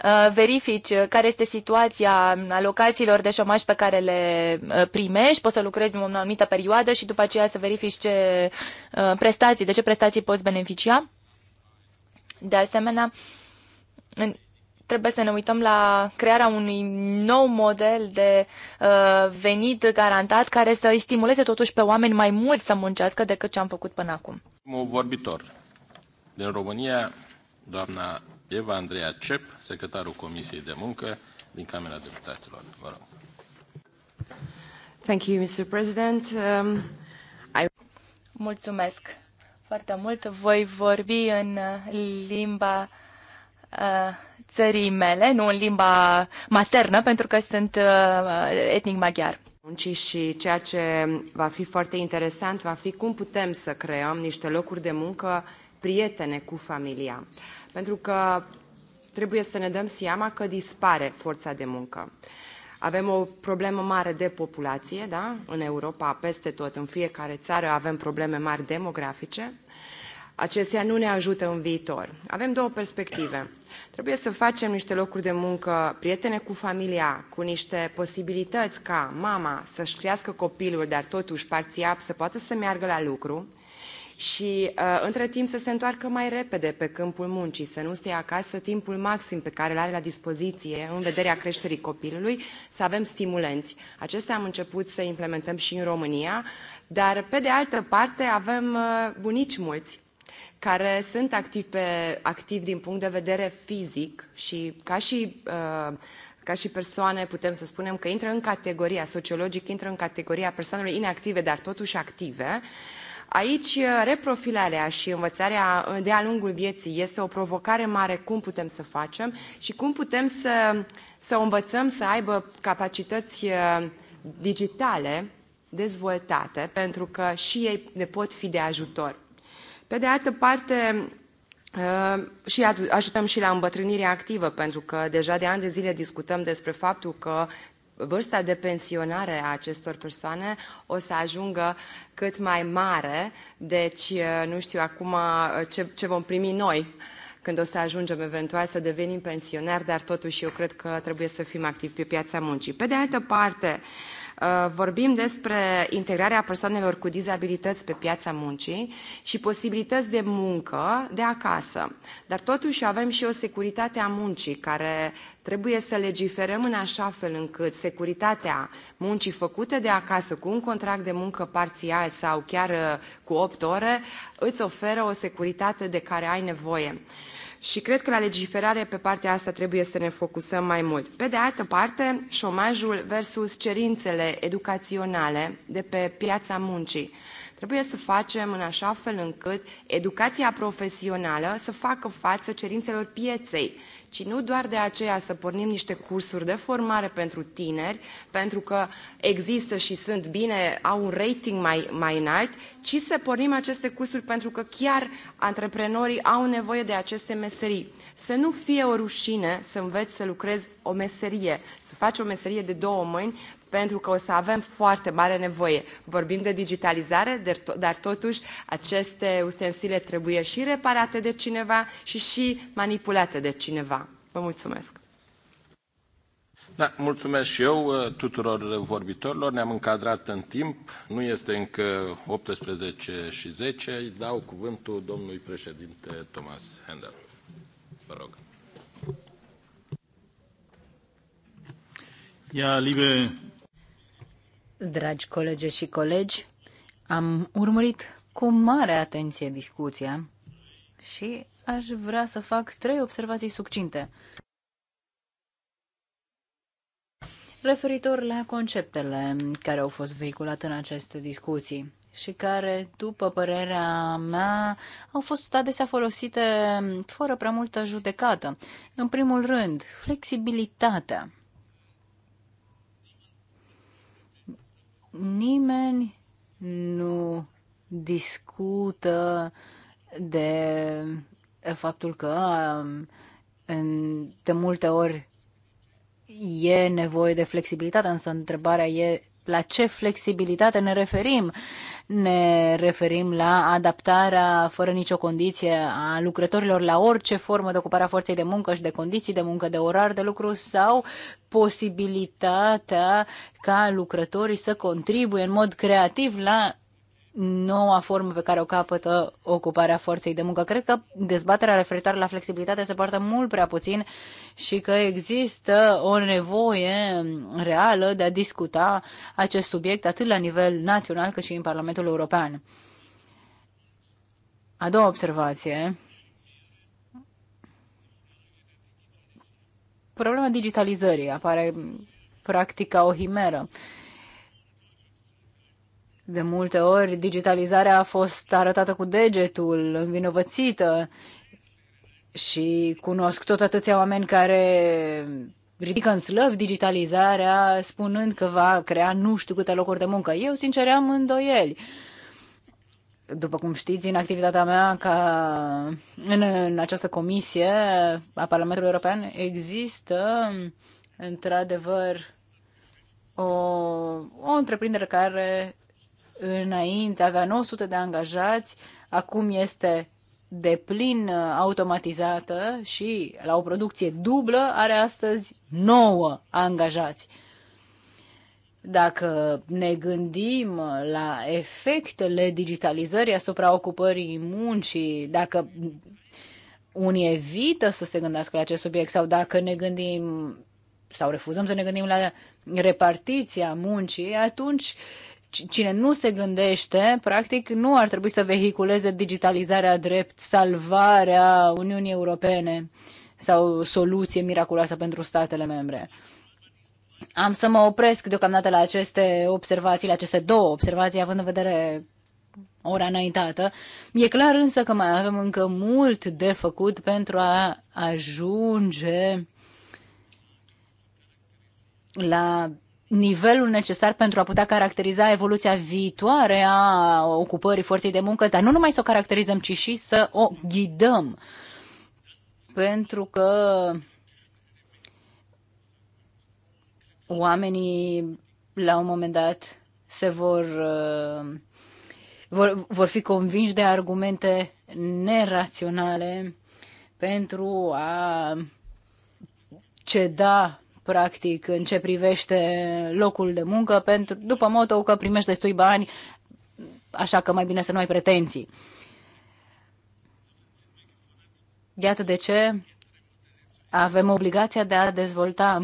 uh, verifici care este situația alocațiilor de șomaj pe care le uh, primești, poți să lucrezi în o anumită perioadă și după aceea să verifici ce uh, prestații, de ce prestații poți beneficia. De asemenea, trebuie să ne uităm la crearea unui nou model de uh, venit garantat care să îi stimuleze totuși pe oameni mai mult să muncească decât ce am făcut până acum. Primul vorbitor din România, doamna Eva Andreea Cep, secretarul Comisiei de Muncă din Camera Deputaților. Vă rog. Thank you, Mr. President. Um, I... Mulțumesc foarte mult. Voi vorbi în limba uh, țării mele, nu în limba maternă, pentru că sunt uh, etnic maghiar. Și ceea ce va fi foarte interesant va fi cum putem să creăm niște locuri de muncă prietene cu familia. Pentru că trebuie să ne dăm seama că dispare forța de muncă. Avem o problemă mare de populație, da? În Europa, peste tot, în fiecare țară avem probleme mari demografice acestea nu ne ajută în viitor. Avem două perspective. Trebuie să facem niște locuri de muncă prietene cu familia, cu niște posibilități ca mama să-și crească copilul, dar totuși parțial să poată să meargă la lucru și uh, între timp să se întoarcă mai repede pe câmpul muncii, să nu stea acasă timpul maxim pe care îl are la dispoziție în vederea creșterii copilului, să avem stimulenți. Acestea am început să implementăm și în România, dar pe de altă parte avem uh, bunici mulți care sunt activ, pe, activ din punct de vedere fizic și ca și, uh, ca și persoane putem să spunem că intră în categoria, sociologic intră în categoria persoanelor inactive, dar totuși active, Aici uh, reprofilarea și învățarea de-a lungul vieții este o provocare mare cum putem să facem și cum putem să, să învățăm să aibă capacități uh, digitale dezvoltate, pentru că și ei ne pot fi de ajutor. Pe de altă parte, uh, și ajutăm și la îmbătrânirea activă, pentru că deja de ani de zile discutăm despre faptul că vârsta de pensionare a acestor persoane o să ajungă cât mai mare, deci uh, nu știu acum uh, ce, ce vom primi noi când o să ajungem eventual să devenim pensionari, dar totuși eu cred că trebuie să fim activi pe piața muncii. Pe de altă parte, uh, Uh, vorbim despre integrarea persoanelor cu dizabilități pe piața muncii și posibilități de muncă de acasă. Dar totuși avem și o securitate a muncii care trebuie să legiferăm în așa fel încât securitatea muncii făcute de acasă cu un contract de muncă parțial sau chiar uh, cu 8 ore îți oferă o securitate de care ai nevoie și cred că la legiferare pe partea asta trebuie să ne focusăm mai mult. Pe de altă parte, șomajul versus cerințele educaționale de pe piața muncii. Trebuie să facem în așa fel încât educația profesională să facă față cerințelor pieței ci nu doar de aceea să pornim niște cursuri de formare pentru tineri, pentru că există și sunt bine, au un rating mai, mai înalt, ci să pornim aceste cursuri pentru că chiar antreprenorii au nevoie de aceste meserii. Să nu fie o rușine să înveți să lucrezi o meserie, să faci o meserie de două mâini, pentru că o să avem foarte mare nevoie. Vorbim de digitalizare, dar totuși aceste ustensile trebuie și reparate de cineva și și manipulate de cineva. Vă mulțumesc! Da, mulțumesc și eu uh, tuturor vorbitorilor. Ne-am încadrat în timp. Nu este încă 18 și 10. Îi dau cuvântul domnului președinte Thomas Hendel. Vă rog. Ja, liebe Dragi colege și colegi, am urmărit cu mare atenție discuția și aș vrea să fac trei observații succinte. Referitor la conceptele care au fost vehiculate în aceste discuții și care, după părerea mea, au fost adesea folosite fără prea multă judecată. În primul rând, flexibilitatea. Nimeni nu discută de faptul că um, de multe ori e nevoie de flexibilitate, însă întrebarea e la ce flexibilitate ne referim ne referim la adaptarea fără nicio condiție a lucrătorilor la orice formă de ocupare a forței de muncă și de condiții de muncă, de orar de lucru sau posibilitatea ca lucrătorii să contribuie în mod creativ la noua formă pe care o capătă ocuparea forței de muncă. Cred că dezbaterea referitoare la flexibilitate se poartă mult prea puțin și că există o nevoie reală de a discuta acest subiect atât la nivel național cât și în Parlamentul European. A doua observație. Problema digitalizării apare practica o himeră. De multe ori digitalizarea a fost arătată cu degetul, învinovățită și cunosc tot atâția oameni care ridică în slăv digitalizarea spunând că va crea nu știu câte locuri de muncă. Eu, sincer, am îndoieli după cum știți, în activitatea mea ca în, în această comisie a Parlamentului European există într-adevăr o, o întreprindere care înainte avea 900 de angajați, acum este de plin uh, automatizată și la o producție dublă are astăzi 9 angajați. Dacă ne gândim uh, la efectele digitalizării asupra ocupării muncii, dacă unii evită să se gândească la acest subiect sau dacă ne gândim sau refuzăm să ne gândim la repartiția muncii, atunci uh, cine nu se gândește, practic, nu ar trebui să vehiculeze digitalizarea drept salvarea Uniunii Europene sau soluție miraculoasă pentru statele membre. Am să mă opresc deocamdată la aceste observații, la aceste două observații, având în vedere ora înaintată. E clar însă că mai avem încă mult de făcut pentru a ajunge la nivelul necesar pentru a putea caracteriza evoluția viitoare a ocupării forței de muncă, dar nu numai să o caracterizăm, ci și să o ghidăm. Pentru că oamenii la un moment dat se vor, uh, vor, vor fi convinși de argumente neraționale pentru a ceda practic, în ce privește locul de muncă, pentru, după moto că primești destui bani, așa că mai bine să nu ai pretenții. Iată de ce avem obligația de a dezvolta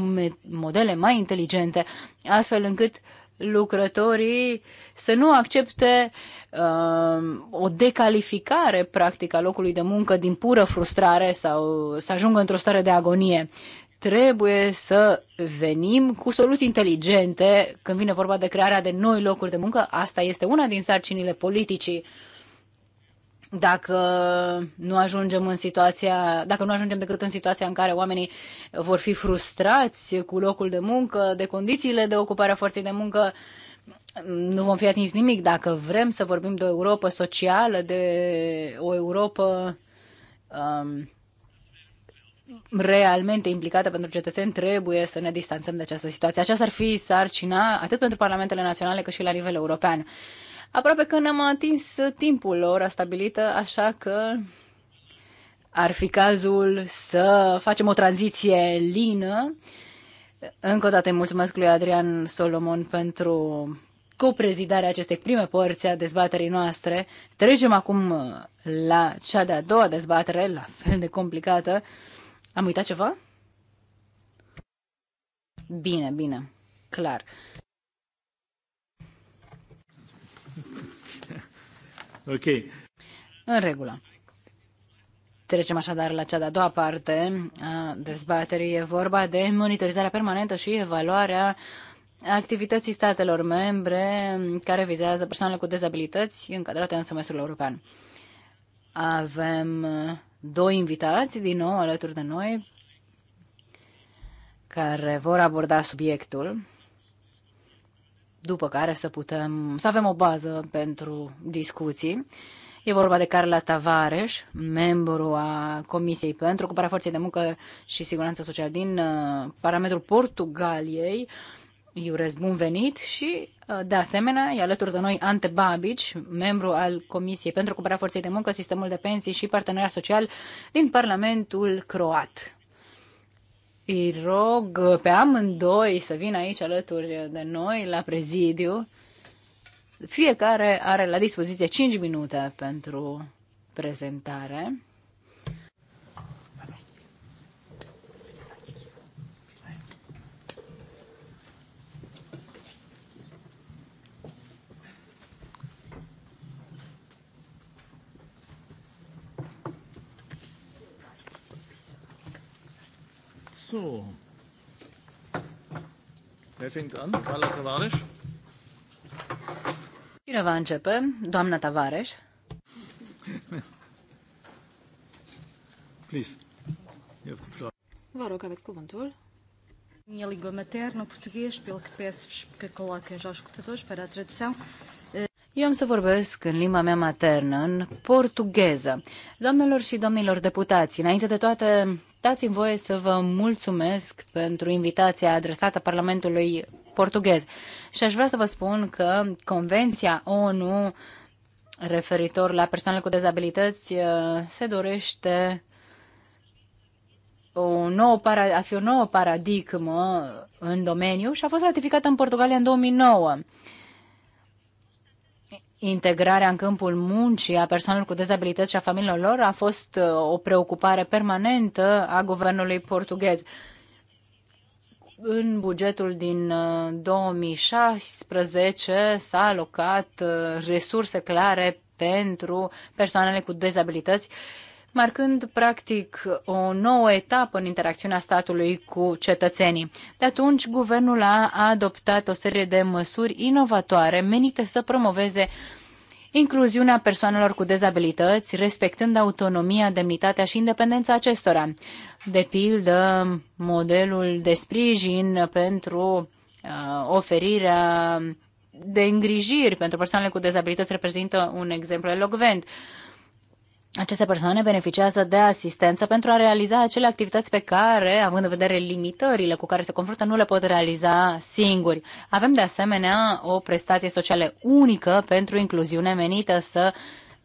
modele mai inteligente, astfel încât lucrătorii să nu accepte uh, o decalificare practică a locului de muncă din pură frustrare sau să ajungă într-o stare de agonie trebuie să venim cu soluții inteligente când vine vorba de crearea de noi locuri de muncă. Asta este una din sarcinile politicii. Dacă nu ajungem în situația, dacă nu ajungem decât în situația în care oamenii vor fi frustrați cu locul de muncă, de condițiile de ocupare a forței de muncă, nu vom fi atins nimic. Dacă vrem să vorbim de o Europa socială, de o Europa um, realmente implicată pentru cetățeni, trebuie să ne distanțăm de această situație. Aceasta ar fi sarcina atât pentru parlamentele naționale cât și la nivel european. Aproape că ne-am atins timpul, ora stabilită, așa că ar fi cazul să facem o tranziție lină. Încă o dată îi mulțumesc lui Adrian Solomon pentru coprezidarea acestei prime părți a dezbaterii noastre. Trecem acum la cea de-a doua dezbatere, la fel de complicată, am uitat ceva? Bine, bine, clar. Ok. În regulă. Trecem așadar la cea de-a doua parte a dezbaterii. E vorba de monitorizarea permanentă și evaluarea activității statelor membre care vizează persoanele cu dezabilități încadrate în semestrul european. Avem doi invitați din nou alături de noi care vor aborda subiectul, după care să putem să avem o bază pentru discuții. E vorba de Carla Tavares, membru a Comisiei pentru Ocuparea Forței de Muncă și Siguranța Socială din uh, Parametrul Portugaliei, îi urez bun venit și, uh, de asemenea, e alături de noi Ante Babici, membru al Comisiei pentru Cumpărarea Forței de Muncă, Sistemul de Pensii și Parteneriat Social din Parlamentul Croat. Îi rog uh, pe amândoi să vină aici alături de noi la prezidiu. Fiecare are la dispoziție 5 minute pentru prezentare. So. Wer fängt an? Carla Tavares? Cine va începe? Doamna Tavares? Please. Vă rog, aveți cuvântul. Minha língua materna, o português, pelo que peço-vos que coloquem já os escutadores para a tradução. Eu am să vorbesc în limba mea maternă, în portugheză. Doamnelor și domnilor deputați, înainte de toate, Dați-mi voie să vă mulțumesc pentru invitația adresată Parlamentului portughez. Și aș vrea să vă spun că Convenția ONU referitor la persoanele cu dezabilități uh, se dorește o nouă para, a fi o nouă paradigmă în domeniu și a fost ratificată în Portugalia în 2009 integrarea în câmpul muncii a persoanelor cu dezabilități și a familiilor lor a fost uh, o preocupare permanentă a guvernului portughez. În bugetul din 2016 uh, s-a alocat uh, resurse clare pentru persoanele cu dezabilități marcând practic o nouă etapă în interacțiunea statului cu cetățenii. De atunci, guvernul a adoptat o serie de măsuri inovatoare menite să promoveze incluziunea persoanelor cu dezabilități, respectând autonomia, demnitatea și independența acestora. De pildă, modelul de sprijin pentru uh, oferirea de îngrijiri pentru persoanele cu dezabilități reprezintă un exemplu elocvent aceste persoane beneficiază de asistență pentru a realiza acele activități pe care, având în vedere limitările cu care se confruntă, nu le pot realiza singuri. Avem de asemenea o prestație socială unică pentru incluziune menită să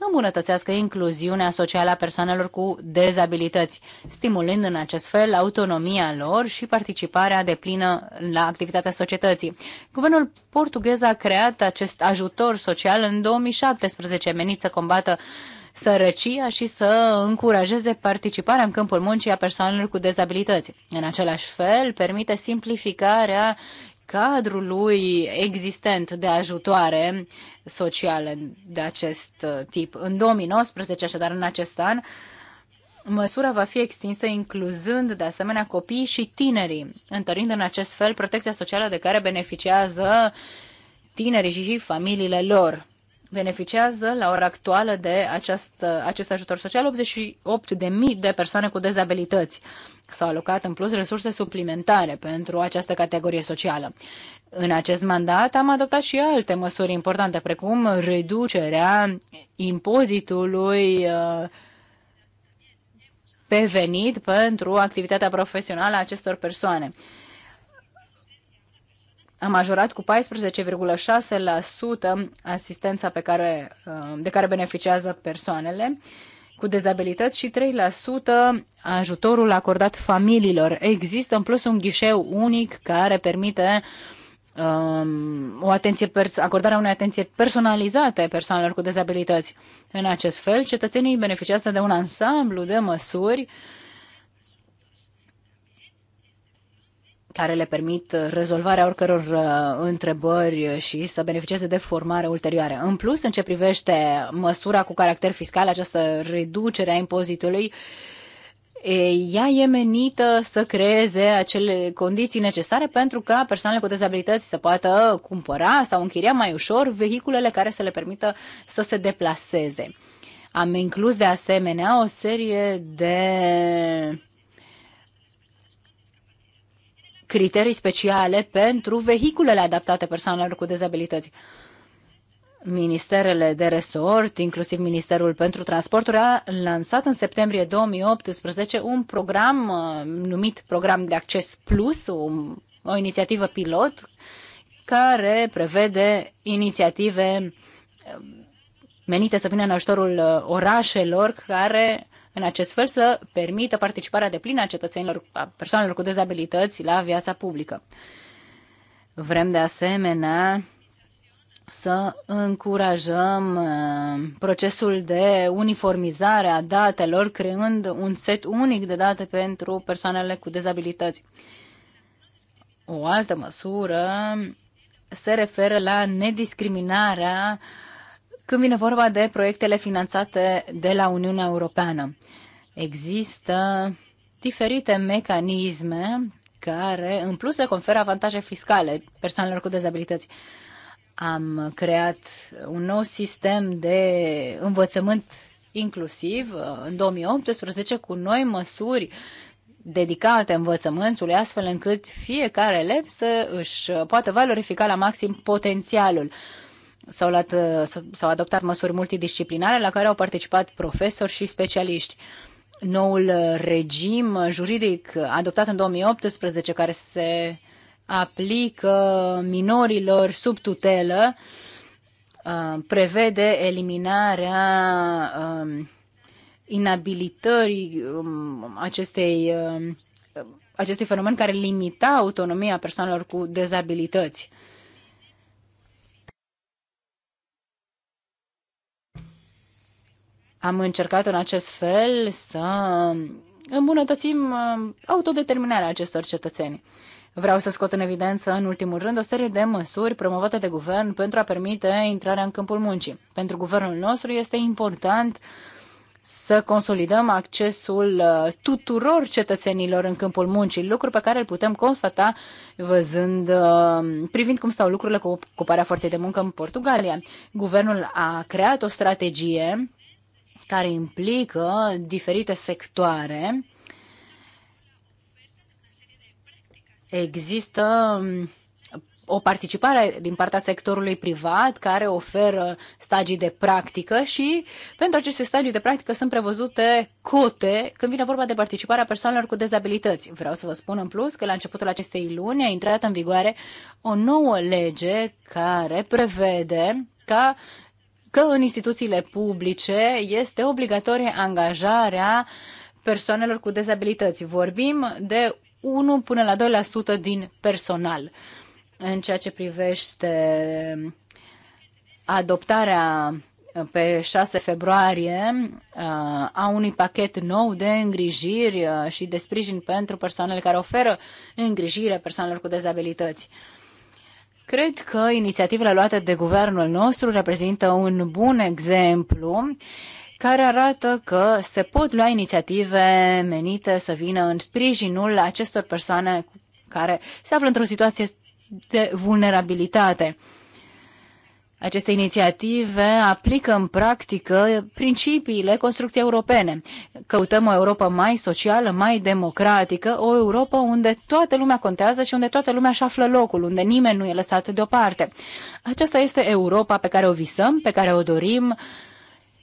îmbunătățească incluziunea socială a persoanelor cu dezabilități, stimulând în acest fel autonomia lor și participarea deplină la activitatea societății. Guvernul portughez a creat acest ajutor social în 2017 menit să combată uh, sărăcia și să încurajeze participarea în câmpul muncii a persoanelor cu dezabilități. În același fel, permite simplificarea cadrului existent de ajutoare sociale de acest uh, tip. În 2019, așadar în acest an, Măsura va fi extinsă incluzând de asemenea copiii și tinerii, întărind în acest fel protecția socială de care beneficiază tinerii și familiile lor beneficiază la ora actuală de acest, acest ajutor social. 88.000 de persoane cu dezabilități s-au alocat în plus resurse suplimentare pentru această categorie socială. În acest mandat am adoptat și alte măsuri importante, precum reducerea impozitului uh, pe venit pentru activitatea profesională a acestor persoane a majorat cu 14,6% asistența pe care, uh, de care beneficiază persoanele cu dezabilități și 3% ajutorul acordat familiilor. Există în plus un ghișeu unic care permite um, o atenție acordarea unei atenție personalizate persoanelor cu dezabilități. În acest fel, cetățenii beneficiază de un ansamblu de măsuri uh, care le permit rezolvarea oricăror uh, întrebări și să beneficieze de formare ulterioară. În plus, în ce privește măsura cu caracter fiscal, această reducere a impozitului, ea e menită să creeze acele condiții necesare pentru ca persoanele cu dezabilități să poată cumpăra sau închiria mai ușor vehiculele care să le permită să se deplaseze. Am inclus de asemenea o serie de criterii speciale pentru vehiculele adaptate persoanelor cu dezabilități. Ministerele de resort, inclusiv Ministerul pentru Transporturi, a lansat în septembrie 2018 un program uh, numit Program de Acces Plus, o, o inițiativă pilot care prevede inițiative uh, menite să vină în ajutorul uh, orașelor care în acest fel să permită participarea de plină a cetățenilor, a persoanelor cu dezabilități la viața publică. Vrem de asemenea să încurajăm uh, procesul de uniformizare a datelor, creând un set unic de date pentru persoanele cu dezabilități. O altă măsură se referă la nediscriminarea uh, când vine vorba de proiectele finanțate de la Uniunea Europeană. Există diferite mecanisme care, în plus, le conferă avantaje fiscale persoanelor cu dezabilități. Am creat un nou sistem de învățământ inclusiv uh, în 2018 cu noi măsuri dedicate învățământului, astfel încât fiecare elev să își poată valorifica la maxim potențialul. S-au, luat, uh, s-au adoptat măsuri multidisciplinare la care au participat profesori și specialiști. Noul uh, regim juridic adoptat în 2018, care se aplică minorilor sub tutelă, uh, prevede eliminarea um, inabilitării um, acestei, um, acestui fenomen care limita autonomia persoanelor cu dezabilități. Am încercat în acest fel să îmbunătățim uh, autodeterminarea acestor cetățeni. Vreau să scot în evidență, în ultimul rând, o serie de măsuri promovate de guvern pentru a permite intrarea în câmpul muncii. Pentru guvernul nostru este important să consolidăm accesul uh, tuturor cetățenilor în câmpul muncii, lucru pe care îl putem constata văzând, uh, privind cum stau lucrurile cu ocuparea forței de muncă în Portugalia. Guvernul a creat o strategie care implică diferite sectoare. Există um, o participare din partea sectorului privat care oferă stagii de practică și pentru aceste stagii de practică sunt prevăzute cote când vine vorba de participarea persoanelor cu dezabilități. Vreau să vă spun în plus că la începutul acestei luni a intrat în vigoare o nouă lege care prevede ca că în instituțiile publice este obligatorie angajarea persoanelor cu dezabilități. Vorbim de 1 până la 2% din personal. În ceea ce privește adoptarea pe 6 februarie uh, a unui pachet nou de îngrijiri uh, și de sprijin pentru persoanele care oferă îngrijire persoanelor cu dezabilități. Cred că inițiativele luate de guvernul nostru reprezintă un bun exemplu care arată că se pot lua inițiative menite să vină în sprijinul acestor persoane care se află într-o situație de vulnerabilitate. Aceste inițiative aplică în practică principiile construcției europene. Căutăm o Europa mai socială, mai democratică, o Europa unde toată lumea contează și unde toată lumea își află locul, unde nimeni nu e lăsat deoparte. Aceasta este Europa pe care o visăm, pe care o dorim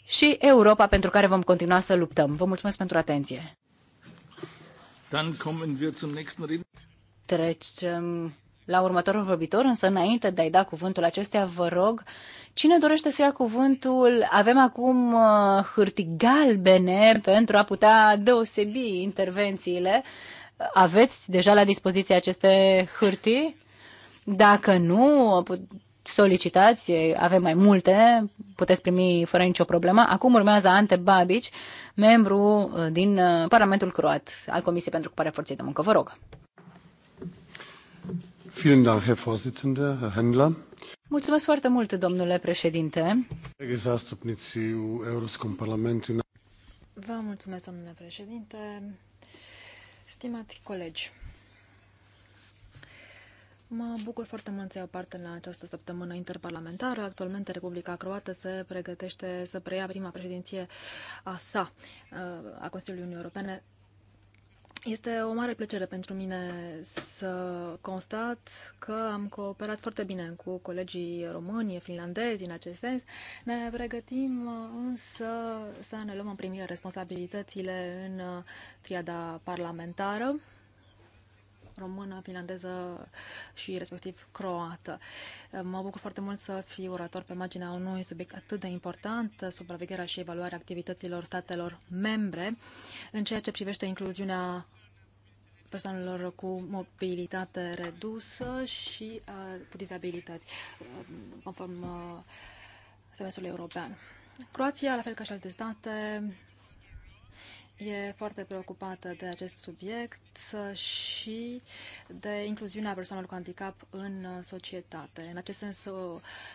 și Europa pentru care vom continua să luptăm. Vă mulțumesc pentru atenție. Trecem la următorul vorbitor, însă înainte de a-i da cuvântul acestea, vă rog, cine dorește să ia cuvântul? Avem acum uh, hârtii galbene pentru a putea deosebi intervențiile. Aveți deja la dispoziție aceste hârtii? Dacă nu, solicitați, avem mai multe, puteți primi fără nicio problemă. Acum urmează Ante Babic, membru uh, din uh, Parlamentul Croat al Comisiei pentru Ocuparea Forței de Muncă. Vă rog. Vielen Dank, Herr Vorsitzender, Herr Händler. Mulțumesc foarte mult, domnule președinte. Vă mulțumesc, domnule președinte. Stimați colegi, Mă bucur foarte mult să iau parte la această săptămână interparlamentară. Actualmente Republica Croată se pregătește să preia prima președinție a sa, a Consiliului Uniunii Europene, este o mare plăcere pentru mine să constat că am cooperat foarte bine cu colegii români, finlandezi în acest sens. Ne pregătim însă să ne luăm în primire responsabilitățile în uh, triada parlamentară română, finlandeză și respectiv croată. Mă bucur foarte mult să fiu orator pe marginea unui subiect atât de important, supravegherea și evaluarea activităților statelor membre, în ceea ce privește incluziunea persoanelor cu mobilitate redusă și uh, cu dizabilități, uh, conform uh, semestrului european. Croația, la fel ca și alte state, e foarte preocupată de acest subiect și de incluziunea persoanelor cu handicap în uh, societate. În acest sens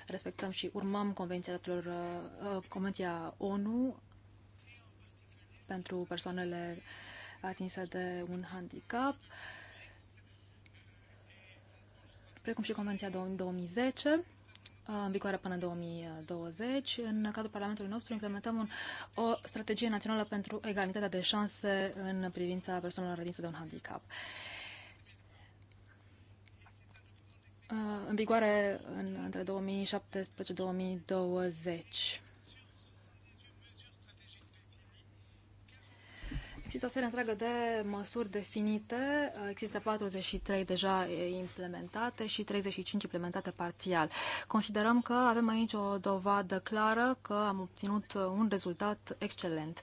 respectăm și urmăm Convenția, Datelor, uh, Convenția ONU pentru persoanele atinse de un handicap, precum și Convenția 2010 Uh, în vigoare până 2020. În cadrul Parlamentului nostru implementăm un, o strategie națională pentru egalitatea de șanse în privința persoanelor redinse de un handicap. Uh, în vigoare în, între 2017-2020. Există o serie întreagă de măsuri definite, există 43 deja implementate și 35 implementate parțial. Considerăm că avem aici o dovadă clară că am obținut un rezultat excelent.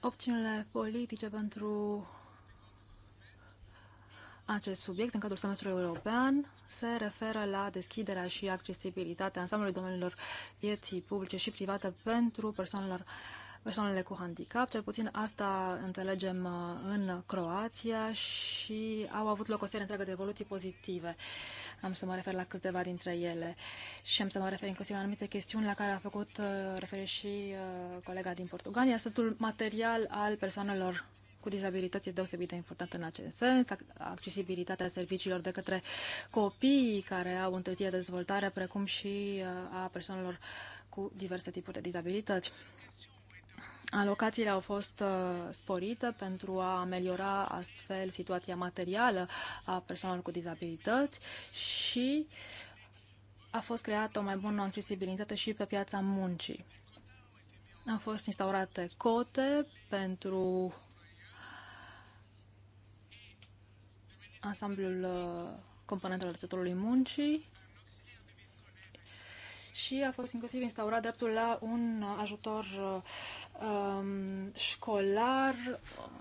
Opțiunile politice pentru acest subiect în cadrul semestrului european se referă la deschiderea și accesibilitatea ansamblului domeniilor vieții publice și private pentru persoanelor uh, persoanele cu handicap, cel puțin asta înțelegem uh, în Croația și au avut loc o serie întreagă de evoluții pozitive. Am să mă refer la câteva dintre ele și am să mă refer inclusiv la anumite chestiuni la care a făcut uh, referire și uh, colega din Portugalia. Statul material al persoanelor cu dizabilități este deosebit de important în acest sens, accesibilitatea serviciilor de către copiii care au întârzie dezvoltare, precum și a persoanelor cu diverse tipuri de dizabilități. Alocațiile au fost uh, sporite pentru a ameliora astfel situația materială a persoanelor cu dizabilități și a fost creată o mai bună accesibilitate și pe piața muncii. Au fost instaurate cote pentru ansamblul uh, componentelor sectorului muncii și a fost inclusiv instaurat dreptul la un ajutor um, școlar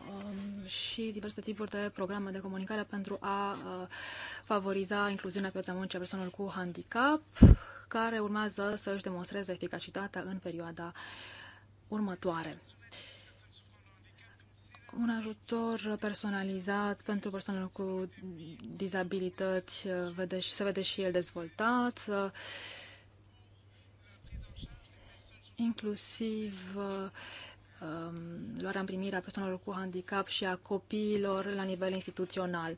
um, și diverse tipuri de programe de comunicare pentru a uh, favoriza incluziunea pe piața muncii a persoanelor cu handicap, care urmează să își demonstreze eficacitatea în perioada următoare un ajutor personalizat pentru persoanele cu dizabilități uh, vede se vede și el dezvoltat uh, inclusiv um, luarea în primire a persoanelor cu handicap și a copiilor la nivel instituțional.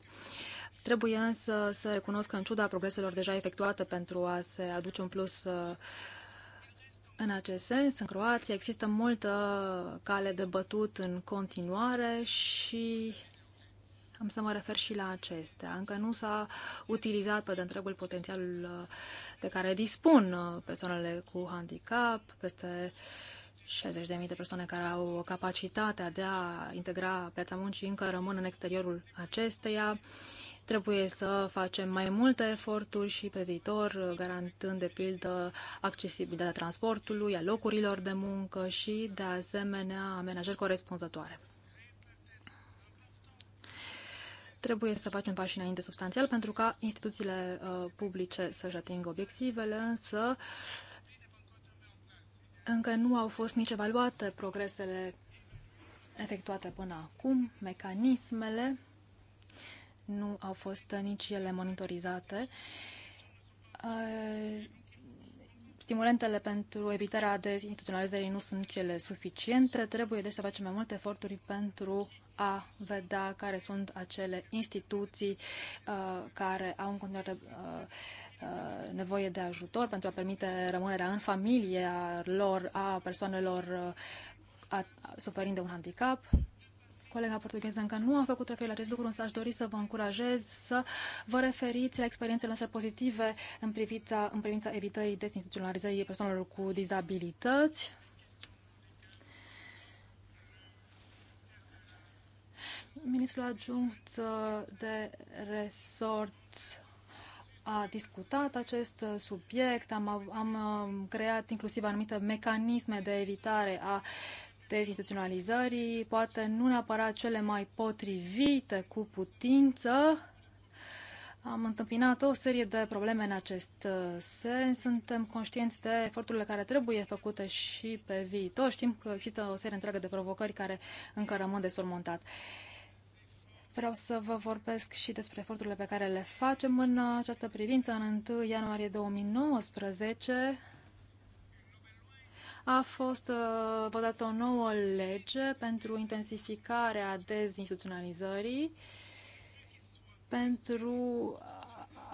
Trebuie însă să recunosc că în ciuda progreselor deja efectuate pentru a se aduce un plus uh, în acest sens, în Croația există multă cale de bătut în continuare și am să mă refer și la acestea. Încă nu s-a utilizat pe de întregul potențial uh, de care dispun uh, persoanele cu handicap, peste 60.000 de persoane care au capacitatea de a integra piața muncii încă rămân în exteriorul acesteia. Trebuie să facem mai multe eforturi și pe viitor, uh, garantând, de pildă, accesibilitatea transportului, a locurilor de muncă și, de asemenea, amenajări corespunzătoare. Trebuie să facem pași înainte substanțial pentru ca instituțiile uh, publice să-și atingă obiectivele, însă încă nu au fost nici evaluate progresele efectuate până acum, mecanismele nu au fost nici ele monitorizate. Uh, stimulentele pentru evitarea dezinstituționalizării nu sunt cele suficiente, trebuie deci să facem mai multe eforturi pentru a vedea care sunt acele instituții uh, care au în continuare uh, uh nevoie de ajutor pentru a permite rămânerea în familie a lor, a persoanelor uh, a, a, suferind de un handicap colega portugheză încă nu a făcut referire la acest lucru, însă aș dori să vă încurajez să vă referiți la experiențele noastre pozitive în privința, în privința evitării desinstituționalizării persoanelor cu dizabilități. Ministrul adjunct uh, de resort a discutat acest subiect, am, am uh, creat inclusiv anumite mecanisme de evitare a dezinstituționalizării, poate nu neapărat cele mai potrivite cu putință. Am întâmpinat o serie de probleme în acest uh, sens. Suntem conștienți de eforturile care trebuie făcute și pe viitor. Știm că există o serie întreagă de provocări care încă rămân de surmontat. Vreau să vă vorbesc și despre eforturile pe care le facem în această privință. În 1 ianuarie 2019 a fost uh, votată o nouă lege pentru intensificarea dezinstituționalizării, pentru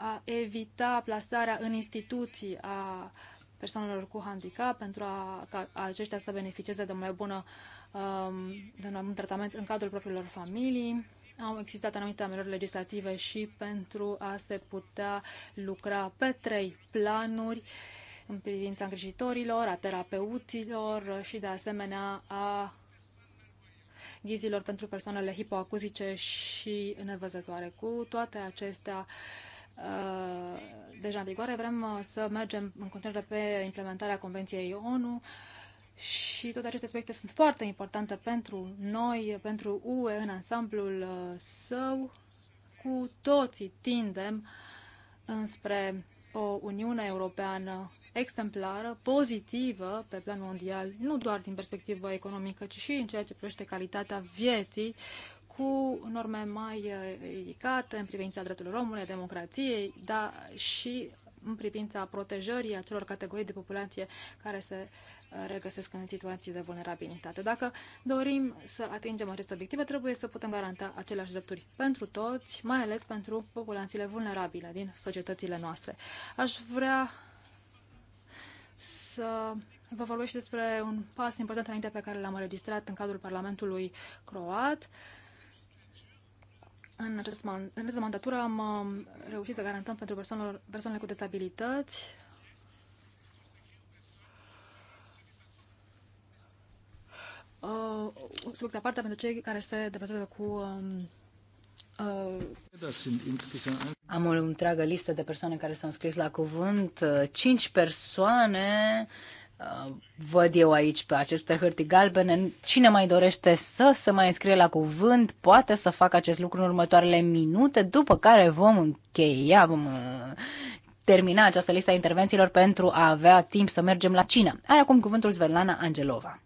a evita plasarea în instituții a persoanelor cu handicap, pentru a, ca aceștia să beneficieze de mai, bună, um, de un mai bun tratament în cadrul propriilor familii. Au existat anumite ameliorări legislative și pentru a se putea lucra pe trei planuri. Uh, în privința îngrijitorilor, a terapeuților și de asemenea a ghizilor pentru persoanele hipoacuzice și nevăzătoare. Cu toate acestea, uh, deja în vigoare, vrem uh, să mergem în continuare pe implementarea Convenției ONU și toate aceste aspecte sunt foarte importante pentru noi, pentru UE în ansamblul uh, său. Cu toții tindem înspre o Uniune Europeană exemplară, pozitivă pe plan mondial, nu doar din perspectivă economică, ci și în ceea ce privește calitatea vieții, cu norme mai eh, ridicate în privința drepturilor omului, a democrației, dar și în privința protejării acelor categorii de populație care se eh, regăsesc în situații de vulnerabilitate. Dacă dorim să atingem aceste obiective, trebuie să putem garanta aceleași drepturi pentru toți, mai ales pentru populațiile vulnerabile din societățile noastre. Aș vrea să vă vorbesc despre un pas important înainte pe care l-am înregistrat în cadrul Parlamentului Croat. În această, în această mandatură am um, reușit să garantăm pentru persoanele cu dezabilități uh, subiect aparte pentru cei care se deplasează cu um, am o întreagă listă de persoane care s-au scris la cuvânt. Uh, cinci persoane uh, văd eu aici pe aceste hârtii galbene. Cine mai dorește să se mai înscrie la cuvânt, poate să facă acest lucru în următoarele minute, după care vom încheia, vom uh, termina această listă a intervențiilor pentru a avea timp să mergem la cină. Are acum cuvântul Svetlana Angelova.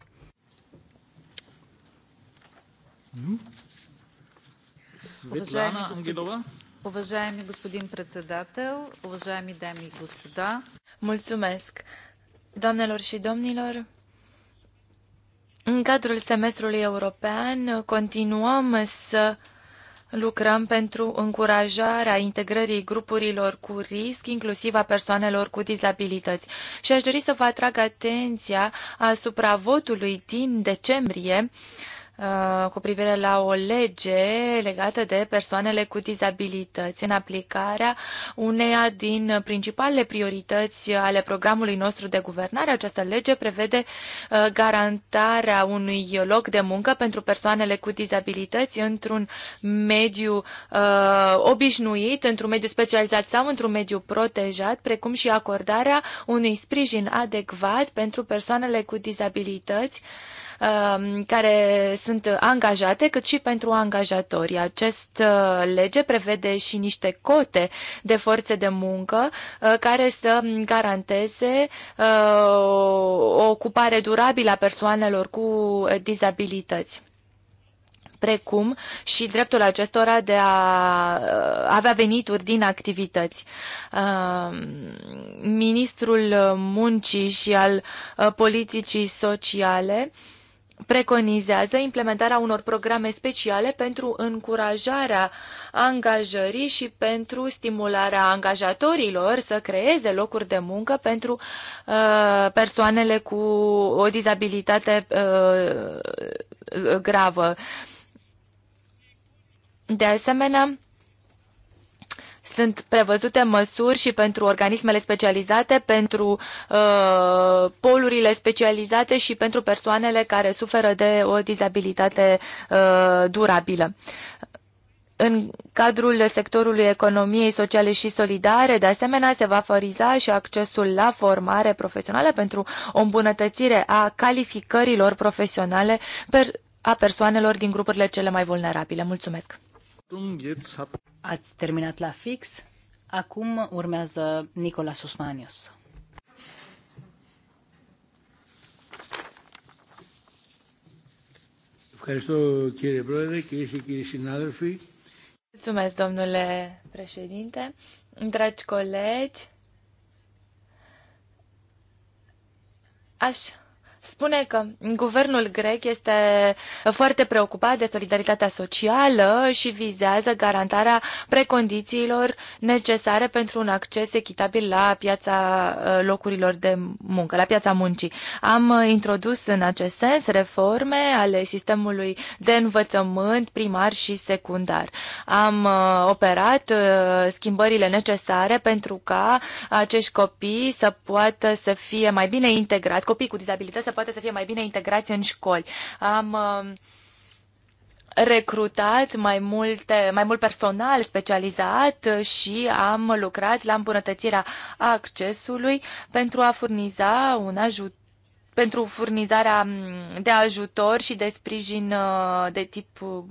Mm? Светлана Ангелова. Уважаеми господин председател, уважаеми дами и господа. Mulțumesc. Doamnelor și domnilor, în cadrul semestrului european continuăm să lucrăm pentru încurajarea integrării grupurilor cu risc, inclusiv a persoanelor cu dizabilități. Și aș dori să vă atrag atenția asupra votului din decembrie uh, Uh, cu privire la o lege legată de persoanele cu dizabilități în aplicarea uneia din principalele priorități ale programului nostru de guvernare. Această lege prevede uh, garantarea unui loc de muncă pentru persoanele cu dizabilități într-un mediu uh, obișnuit, într-un mediu specializat sau într-un mediu protejat, precum și acordarea unui sprijin adecvat pentru persoanele cu dizabilități uh, Um, care sunt angajate, cât și pentru angajatori. Acest uh, lege prevede și niște cote de forțe de muncă uh, care să garanteze uh, o ocupare durabilă a persoanelor cu dizabilități precum și dreptul acestora de a avea venituri din activități. Um, ministrul Muncii și al Politicii Sociale preconizează implementarea unor programe speciale pentru încurajarea angajării și pentru stimularea angajatorilor să creeze locuri de muncă pentru uh, persoanele cu o dizabilitate uh, gravă. De asemenea, sunt prevăzute măsuri și pentru organismele specializate, pentru uh, polurile specializate și pentru persoanele care suferă de o dizabilitate uh, durabilă în cadrul sectorului economiei sociale și solidare, de asemenea, se va favoriza și accesul la formare profesională pentru o îmbunătățire a calificărilor profesionale per a persoanelor din grupurile cele mai vulnerabile. Mulțumesc! Ați terminat la fix. Acum urmează Nicola Susmanios. Mulțumesc, domnule președinte. Dragi colegi, aș spune că guvernul grec este foarte preocupat de solidaritatea socială și vizează garantarea precondițiilor necesare pentru un acces echitabil la piața uh, locurilor de muncă, la piața muncii. Am introdus în acest sens reforme ale sistemului de învățământ primar și secundar. Am uh, operat uh, schimbările necesare pentru ca acești copii să poată să fie mai bine integrați, copii cu dizabilități să poate să fie mai bine integrați în școli. Am um, recrutat mai, multe, mai mult personal specializat și am lucrat la îmbunătățirea accesului pentru a furniza un ajutor pentru furnizarea um, de ajutor și de sprijin uh, de tip uh,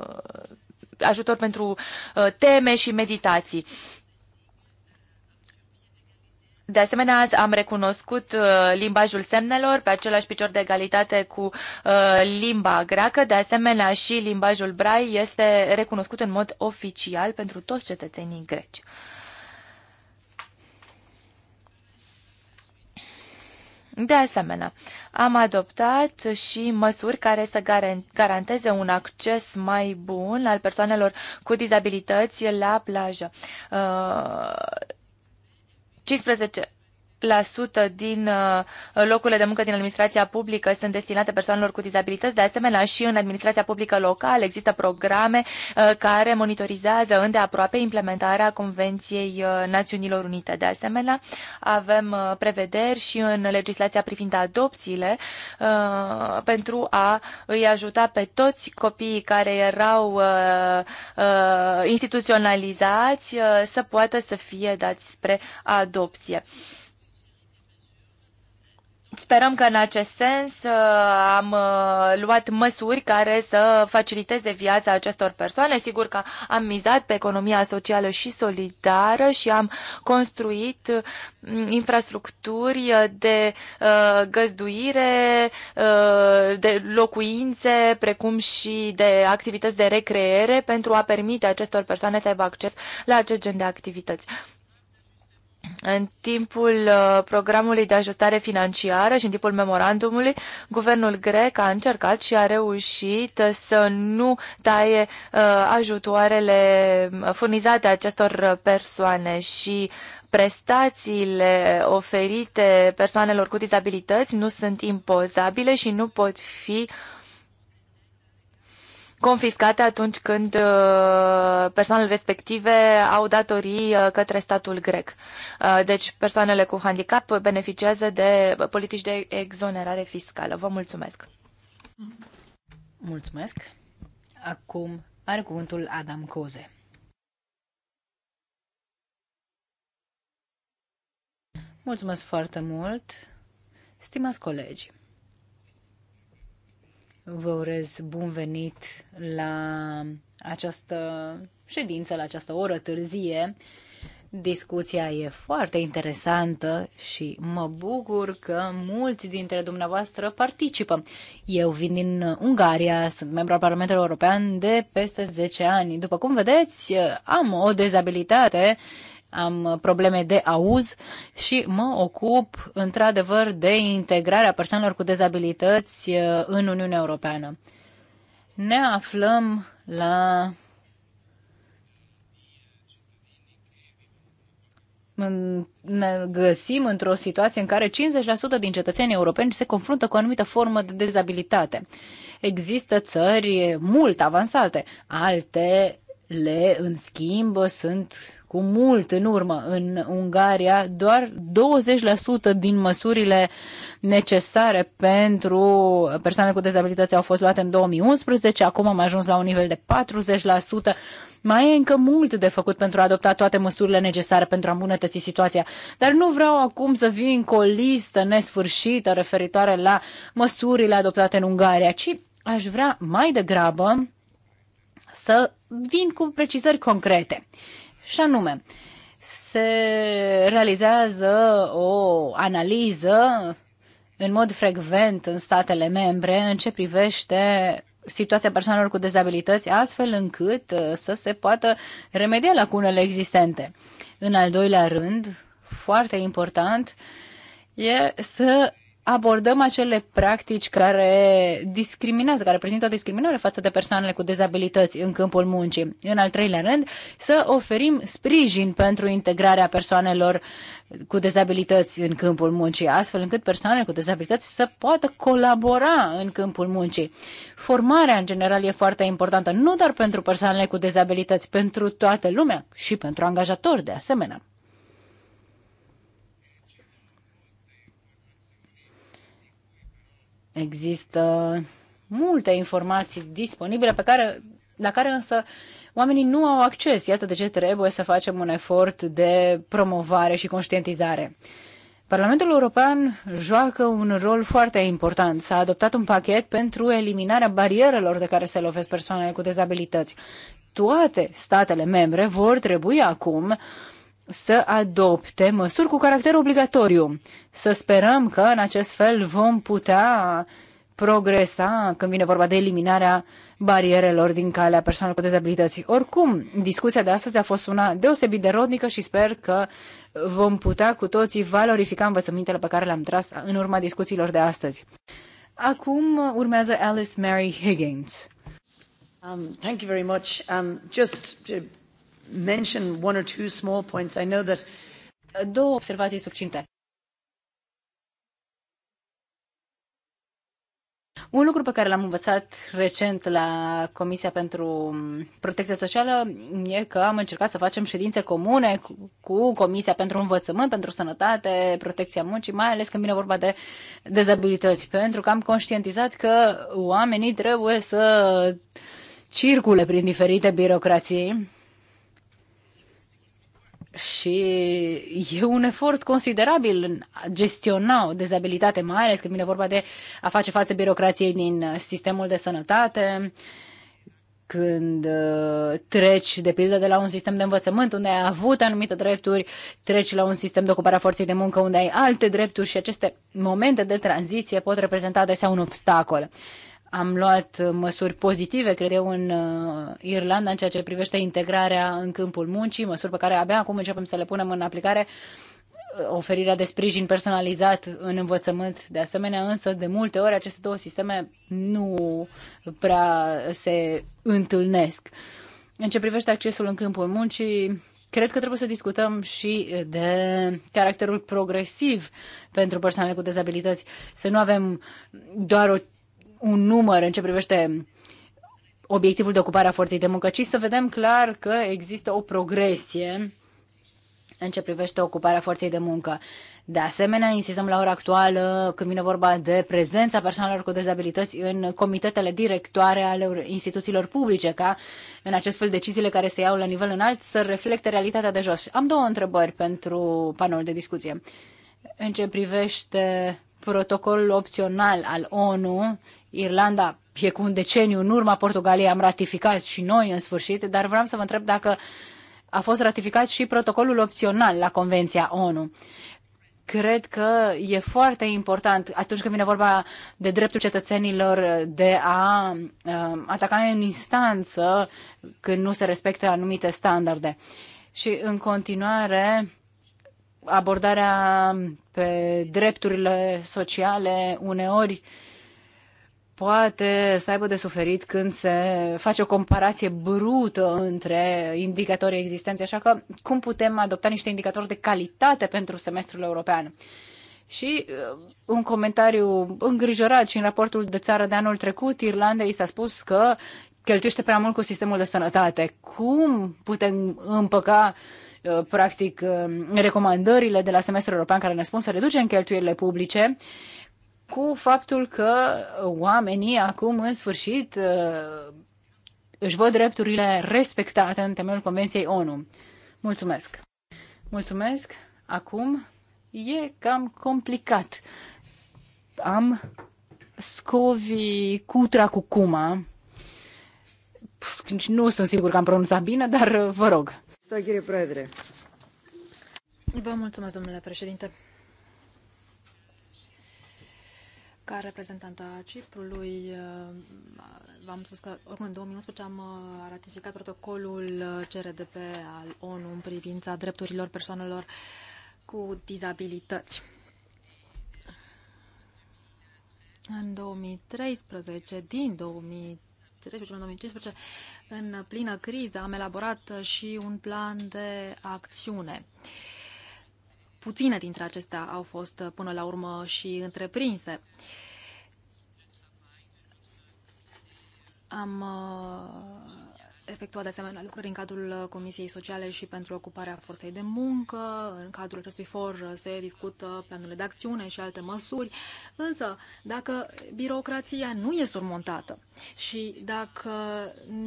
uh, ajutor pentru teme și meditații. De asemenea, am recunoscut uh, limbajul semnelor pe același picior de egalitate cu uh, limba greacă. De asemenea, și limbajul brai este recunoscut în mod oficial pentru toți cetățenii greci. De asemenea, am adoptat și măsuri care să garanteze un acces mai bun al persoanelor cu dizabilități la plajă. Uh 15 80% din uh, locurile de muncă din administrația publică sunt destinate persoanelor cu dizabilități. De asemenea, și în administrația publică locală există programe uh, care monitorizează îndeaproape implementarea Convenției uh, Națiunilor Unite. De asemenea, avem prevederi și în legislația privind adopțiile pentru a îi ajuta pe toți copiii care erau instituționalizați să poată să fie dați spre adopție. Sperăm că în acest sens uh, am uh, luat măsuri care să faciliteze viața acestor persoane. Sigur că am mizat pe economia socială și solidară și am construit mm, infrastructuri de uh, găzduire, de locuințe, precum și de activități de recreere pentru a permite acestor persoane să aibă acces la acest gen de activități. În timpul uh, programului de ajustare financiară și în timpul memorandumului, guvernul grec a încercat și a reușit să nu taie uh, ajutoarele uh, furnizate acestor persoane și prestațiile oferite persoanelor cu dizabilități nu sunt impozabile și nu pot fi uh, confiscate atunci când uh, persoanele respective au datorii uh, către statul grec. Uh, deci persoanele cu handicap beneficiază de politici de exonerare fiscală. Vă mulțumesc! Mulțumesc! Acum are cuvântul Adam Coze. Mulțumesc foarte mult, stimați colegi! Vă urez bun venit la această ședință, la această oră târzie. Discuția e foarte interesantă și mă bucur că mulți dintre dumneavoastră participă. Eu vin din Ungaria, sunt membru al Parlamentului European de peste 10 ani. După cum vedeți, am o dezabilitate uh, am uh, probleme de auz și mă ocup într-adevăr de integrarea persoanelor cu dezabilități uh, în Uniunea Europeană. Ne aflăm la ne găsim într-o situație în care 50% din cetățenii europeni se confruntă cu o anumită formă de dezabilitate. Există țări mult avansate, altele, în schimb, sunt cu mult în urmă în Ungaria, doar 20% din măsurile necesare pentru persoane cu dezabilități au fost luate în 2011, acum am ajuns la un nivel de 40%. Mai e încă mult de făcut pentru a adopta toate măsurile necesare pentru a îmbunătăți situația, dar nu vreau acum să vin cu o listă nesfârșită referitoare la măsurile adoptate în Ungaria, ci aș vrea mai degrabă să vin cu precizări concrete și anume, se realizează o analiză în mod frecvent în statele membre în ce privește situația persoanelor cu dezabilități, astfel încât uh, să se poată remedia lacunele existente. În al doilea rând, foarte important, e să abordăm acele practici care discriminează, care prezintă o discriminare față de persoanele cu dezabilități în câmpul muncii. În al treilea rând, să oferim sprijin pentru integrarea persoanelor cu dezabilități în câmpul muncii, astfel încât persoanele cu dezabilități să poată colabora în câmpul muncii. Formarea, în general, e foarte importantă, nu doar pentru persoanele cu dezabilități, pentru toată lumea și pentru angajatori, de asemenea. Există multe informații disponibile pe care, la care însă oamenii nu au acces. Iată de ce trebuie să facem un efort de promovare și conștientizare. Parlamentul European joacă un rol foarte important. S-a adoptat un pachet pentru eliminarea barierelor de care se lovesc persoanele cu dezabilități. Toate statele membre vor trebui acum să adopte măsuri cu caracter obligatoriu. Să sperăm că în acest fel vom putea progresa când vine vorba de eliminarea barierelor din calea persoanelor cu dezabilități. Oricum, discuția de astăzi a fost una deosebit de rodnică și sper că vom putea cu toții valorifica învățămintele pe care le-am tras în urma discuțiilor de astăzi. Acum urmează Alice Mary Higgins. Um, thank you very much. Um, just mention one or two small points. I know that două observații succinte. Un lucru pe care l-am învățat recent la Comisia pentru Protecție Socială e că am încercat să facem ședințe comune cu Comisia pentru Învățământ, pentru Sănătate, Protecția Muncii, mai ales când vine vorba de dezabilități, pentru că am conștientizat că oamenii trebuie să circule prin diferite birocrații și e un efort considerabil în a gestiona o dezabilitate, mai ales când vine vorba de a face față birocrației din uh, sistemul de sănătate, când uh, treci, de pildă, de la un sistem de învățământ unde ai avut anumite drepturi, treci la un sistem de ocupare a forței de muncă unde ai alte drepturi și aceste momente de tranziție pot reprezenta adesea un obstacol. Am luat uh, măsuri pozitive, cred eu, în uh, Irlanda în ceea ce privește integrarea în câmpul muncii, măsuri pe care abia acum începem să le punem în aplicare uh, oferirea de sprijin personalizat în învățământ de asemenea, însă de multe ori aceste două sisteme nu prea se întâlnesc. În ce privește accesul în câmpul muncii, cred că trebuie să discutăm și de caracterul progresiv pentru persoanele cu dezabilități. Să nu avem doar o un număr în ce privește obiectivul de ocupare a forței de muncă, ci să vedem clar că există o progresie în ce privește ocuparea forței de muncă. De asemenea, insistăm la ora actuală când vine vorba de prezența persoanelor cu dezabilități în comitetele directoare ale instituțiilor publice, ca în acest fel deciziile care se iau la nivel înalt să reflecte realitatea de jos. Am două întrebări pentru panoul de discuție. În ce privește protocolul opțional al ONU, Irlanda e cu un deceniu în urma Portugaliei, am ratificat și noi în sfârșit, dar vreau să vă întreb dacă a fost ratificat și protocolul opțional la Convenția ONU. Cred că e foarte important atunci când vine vorba de dreptul cetățenilor de a uh, ataca în instanță când nu se respectă anumite standarde. Și în continuare, abordarea pe drepturile sociale uneori poate să aibă de suferit când se face o comparație brută între indicatorii existenți, așa că cum putem adopta niște indicatori de calitate pentru semestrul european? Și uh, un comentariu îngrijorat și în raportul de țară de anul trecut, Irlandei s-a spus că cheltuiește prea mult cu sistemul de sănătate. Cum putem împăca Uh, practic, uh, recomandările de la semestrul european care ne spun să reducem cheltuielile publice cu faptul că oamenii acum, în sfârșit, uh, își văd drepturile respectate în temeiul Convenției ONU. Mulțumesc! Mulțumesc! Acum e cam complicat. Am scovi cutra cu cuma. nu sunt sigur că am pronunțat bine, dar vă rog. Vă mulțumesc, domnule președinte. Ca reprezentant a Ciprului, uh, v-am spus că oricum în 2011 am uh, ratificat protocolul uh, CRDP al ONU în privința drepturilor persoanelor cu dizabilități. În 2013, din 2013, 2013-2015, în plină criză, am elaborat și un plan de acțiune. Puține dintre acestea au fost până la urmă și întreprinse. Am uh, efectuat de asemenea lucruri în cadrul uh, Comisiei Sociale și pentru ocuparea forței de muncă. În cadrul acestui for uh, se discută planurile de acțiune și alte măsuri. Însă, dacă birocrația nu e surmontată și dacă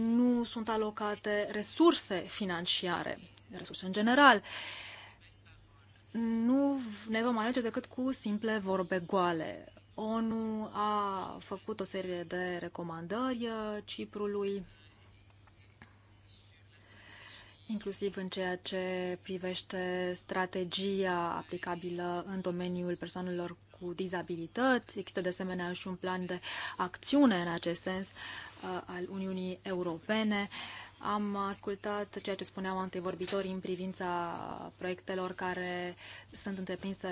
nu sunt alocate resurse financiare, resurse în general, nu ne vom alege decât cu simple vorbe goale. ONU a făcut o serie de recomandări uh, Ciprului inclusiv în ceea ce privește strategia aplicabilă în domeniul persoanelor cu dizabilități. Există de asemenea și un plan de acțiune în acest sens uh, al Uniunii Europene. Am ascultat ceea ce spuneau antevorbitorii în privința proiectelor care sunt întreprinse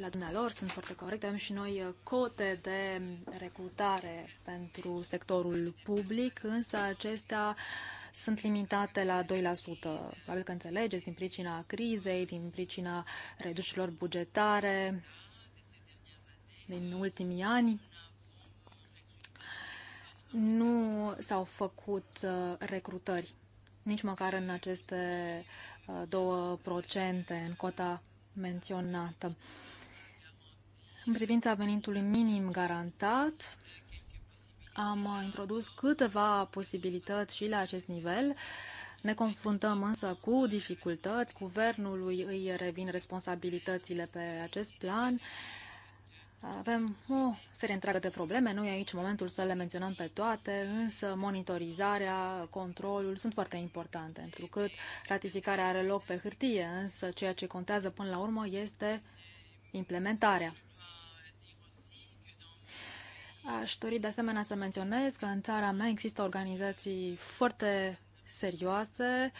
la dumnealor, sunt foarte corecte. Avem și noi uh, cote de recrutare pentru sectorul public, însă acestea uh, sunt limitate la 2%. Probabil că înțelegeți, din pricina crizei, din pricina reducerilor bugetare din ultimii ani, nu s-au făcut uh, recrutări, nici măcar în aceste 2% uh, în cota menționată. În privința venitului minim garantat, am introdus câteva posibilități și la acest nivel. Ne confruntăm însă cu dificultăți. Guvernului îi revin responsabilitățile pe acest plan. Avem o serie întreagă de probleme, nu e aici momentul să le menționăm pe toate, însă monitorizarea, controlul sunt foarte importante, pentru că ratificarea are loc pe hârtie, însă ceea ce contează până la urmă este implementarea. Aș dori de asemenea să menționez că în țara mea există organizații foarte serioase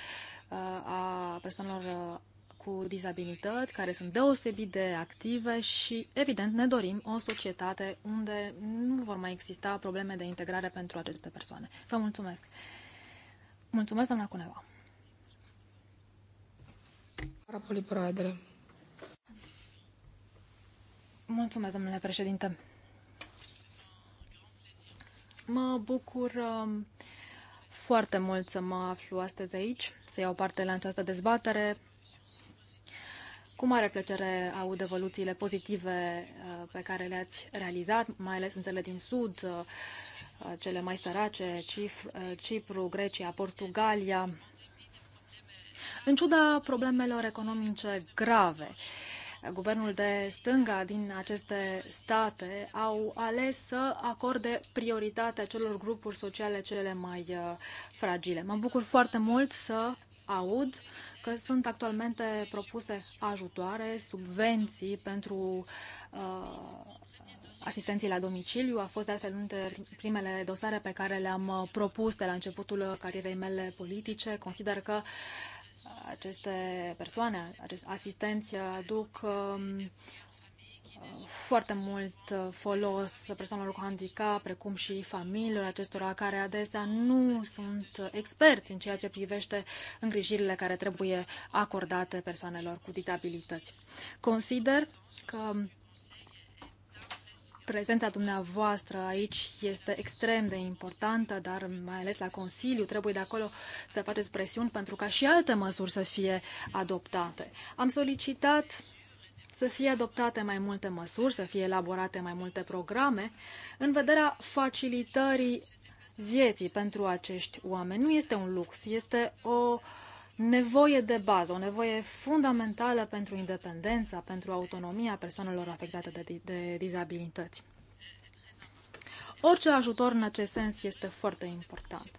uh, a persoanelor uh, cu dizabilități, care sunt deosebit de active și, evident, ne dorim o societate unde nu vor mai exista probleme de integrare pentru aceste persoane. Vă mulțumesc! Mulțumesc, doamna Cuneva! Mulțumesc, domnule președinte! Mă bucur um, foarte mult să mă aflu astăzi aici, să iau parte la această dezbatere. Cu mare plăcere aud evoluțiile pozitive uh, pe care le-ați realizat, mai ales în țările din Sud, uh, uh, cele mai sărace, Cipru, Grecia, Portugalia, în ciuda problemelor economice grave guvernul de stânga din aceste state au ales să acorde prioritate celor grupuri sociale cele mai uh, fragile. Mă bucur foarte mult să aud că sunt actualmente propuse ajutoare, subvenții pentru uh, asistenții la domiciliu. A fost de altfel unul dintre primele dosare pe care le-am uh, propus de la începutul carierei mele politice. Consider că uh, aceste persoane, acești asistenți aduc um, foarte mult folos persoanelor cu handicap, precum și familiilor acestora care adesea nu sunt experți în ceea ce privește îngrijirile care trebuie acordate persoanelor cu dizabilități. Consider că Prezența dumneavoastră aici este extrem de importantă, dar mai ales la Consiliu trebuie de acolo să faceți presiuni pentru ca și alte măsuri să fie adoptate. Am solicitat să fie adoptate mai multe măsuri, să fie elaborate mai multe programe în vederea facilitării vieții pentru acești oameni. Nu este un lux, este o uh, nevoie de bază, o nevoie fundamentală pentru independența, pentru autonomia persoanelor afectate de, de dizabilități. Orice ajutor în acest sens este foarte important.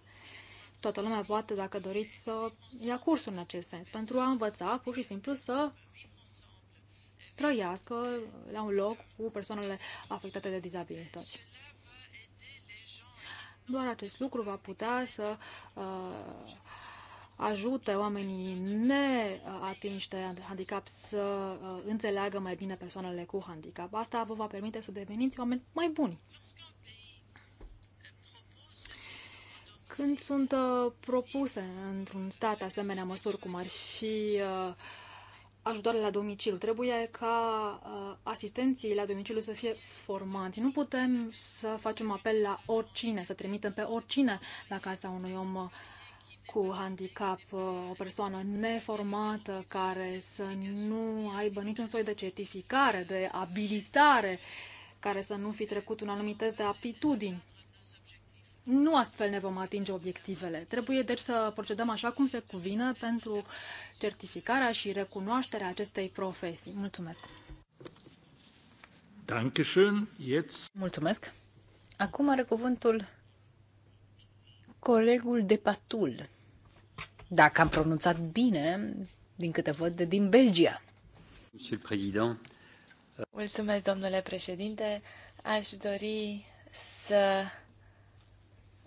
Toată lumea poate, dacă doriți, să ia cursuri în acest sens, pentru a învăța pur și simplu să trăiască la un loc cu persoanele afectate de dizabilități. Doar acest lucru va putea să uh, ajute oamenii neatinși de handicap să uh, înțeleagă mai bine persoanele cu handicap. Asta vă va permite să deveniți oameni mai buni. Când sunt uh, propuse într-un stat asemenea măsuri, cum ar fi uh, ajutoare la domiciliu, trebuie ca asistenții la domiciliu să fie formați. Nu putem să facem apel la oricine, să trimitem pe oricine la casa unui om cu handicap, uh, o persoană neformată care să nu aibă niciun soi de certificare, de abilitare, care să nu fi trecut un anumit test de aptitudini. Nu astfel ne vom atinge obiectivele. Trebuie deci să procedăm așa cum se cuvine pentru certificarea și recunoașterea acestei profesii. Mulțumesc! Dankeschön. Jetzt. Mulțumesc! Acum are cuvântul colegul de patul dacă am pronunțat bine, din câte văd, din Belgia. Euh, Mulțumesc, domnule președinte. Aș dori să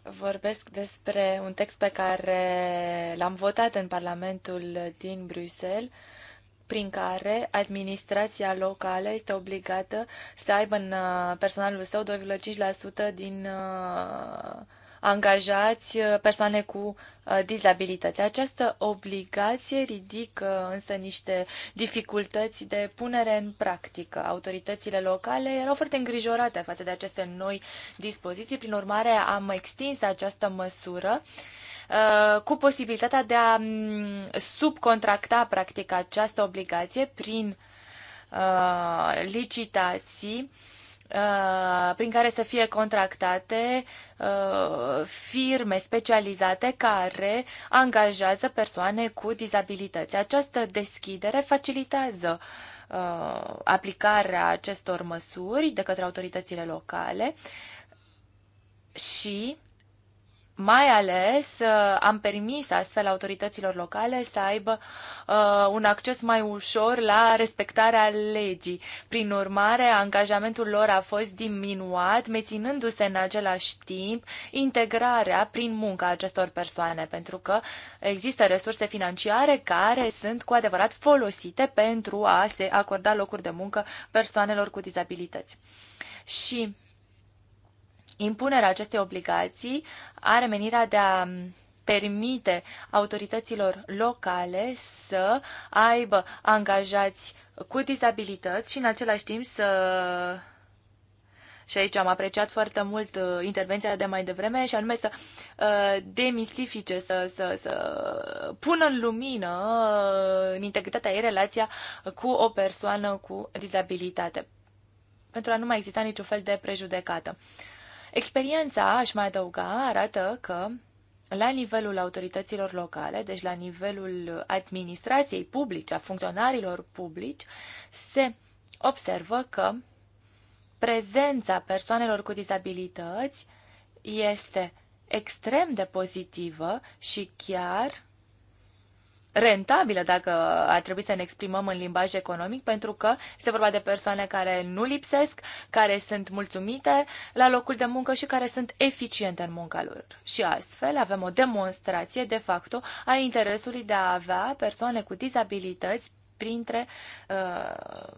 vorbesc despre un text pe care l-am votat în Parlamentul din Bruxelles, prin care administrația locală este obligată să aibă în uh, personalul său 2,5% din uh, angajați uh, persoane cu uh, dizabilități. Această obligație ridică însă niște dificultăți de punere în practică. Autoritățile locale erau foarte îngrijorate față de aceste noi dispoziții, prin urmare am extins această măsură uh, cu posibilitatea de a mm, subcontracta practic această obligație prin licitații Uh, prin care să fie contractate uh, firme specializate care angajează persoane cu dizabilități. Această deschidere facilitează uh, aplicarea acestor măsuri de către autoritățile locale și mai ales uh, am permis astfel autorităților locale să aibă uh, un acces mai ușor la respectarea legii. Prin urmare, angajamentul lor a fost diminuat, menținându-se în același timp integrarea prin munca acestor persoane, pentru că există resurse financiare care sunt cu adevărat folosite pentru a se acorda locuri de muncă persoanelor cu dizabilități. Și Impunerea acestei obligații are menirea de a permite autorităților locale să aibă angajați cu dizabilități și în același timp să și aici am apreciat foarte mult uh, intervenția de mai devreme, și anume să uh, demistifice, să, să, să pună în lumină, uh, în integritatea ei, relația cu o persoană cu dizabilitate, pentru a nu mai exista niciun fel de prejudecată. Experiența, aș mai adăuga, arată că la nivelul autorităților locale, deci la nivelul administrației publice, a funcționarilor publici, se observă că prezența persoanelor cu dizabilități este extrem de pozitivă și chiar rentabilă, dacă ar trebui să ne exprimăm în limbaj economic, pentru că este vorba de persoane care nu lipsesc, care sunt mulțumite la locul de muncă și care sunt eficiente în munca lor. Și astfel avem o demonstrație, de facto, a interesului de a avea persoane cu dizabilități printre uh,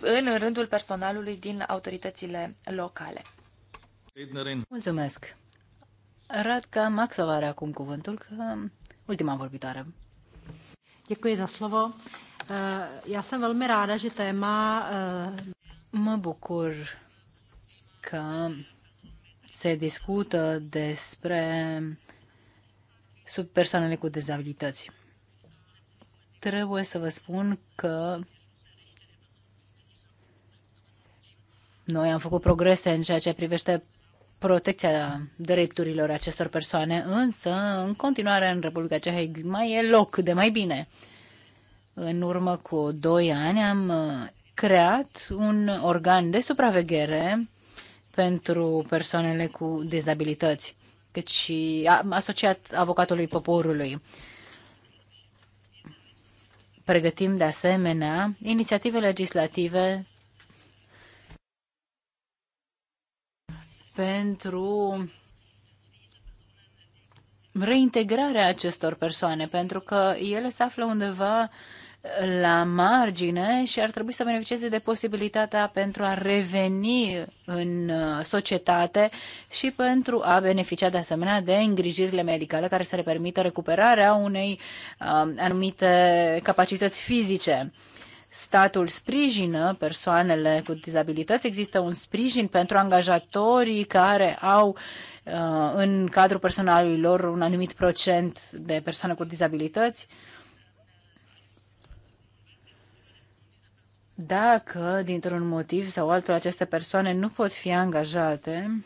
în rândul personalului din autoritățile locale. Mulțumesc! Rad că are acum cuvântul că Ultima vorbitoare. Děkuji za slovo. Eh, já jsem velmi ráda, že téma... Eh, mă bucur că se discută despre sub persoanele cu dezabilități. Trebuie să vă spun că noi am făcut progrese în ceea ce privește protecția drepturilor acestor persoane, însă, în continuare, în Republica Cehă mai e loc de mai bine. În urmă cu doi ani am uh, creat un organ de supraveghere pentru persoanele cu dezabilități, cât și asociat avocatului poporului. Pregătim de asemenea inițiative legislative pentru reintegrarea acestor persoane, pentru că ele se află undeva la margine și ar trebui să beneficieze de posibilitatea pentru a reveni în uh, societate și pentru a beneficia de asemenea de îngrijirile medicale care să le permită recuperarea unei uh, anumite capacități fizice statul sprijină persoanele cu dizabilități, există un sprijin pentru angajatorii care au uh, în cadrul personalului lor un anumit procent de persoane cu dizabilități. Dacă, dintr-un motiv sau altul, aceste persoane nu pot fi angajate,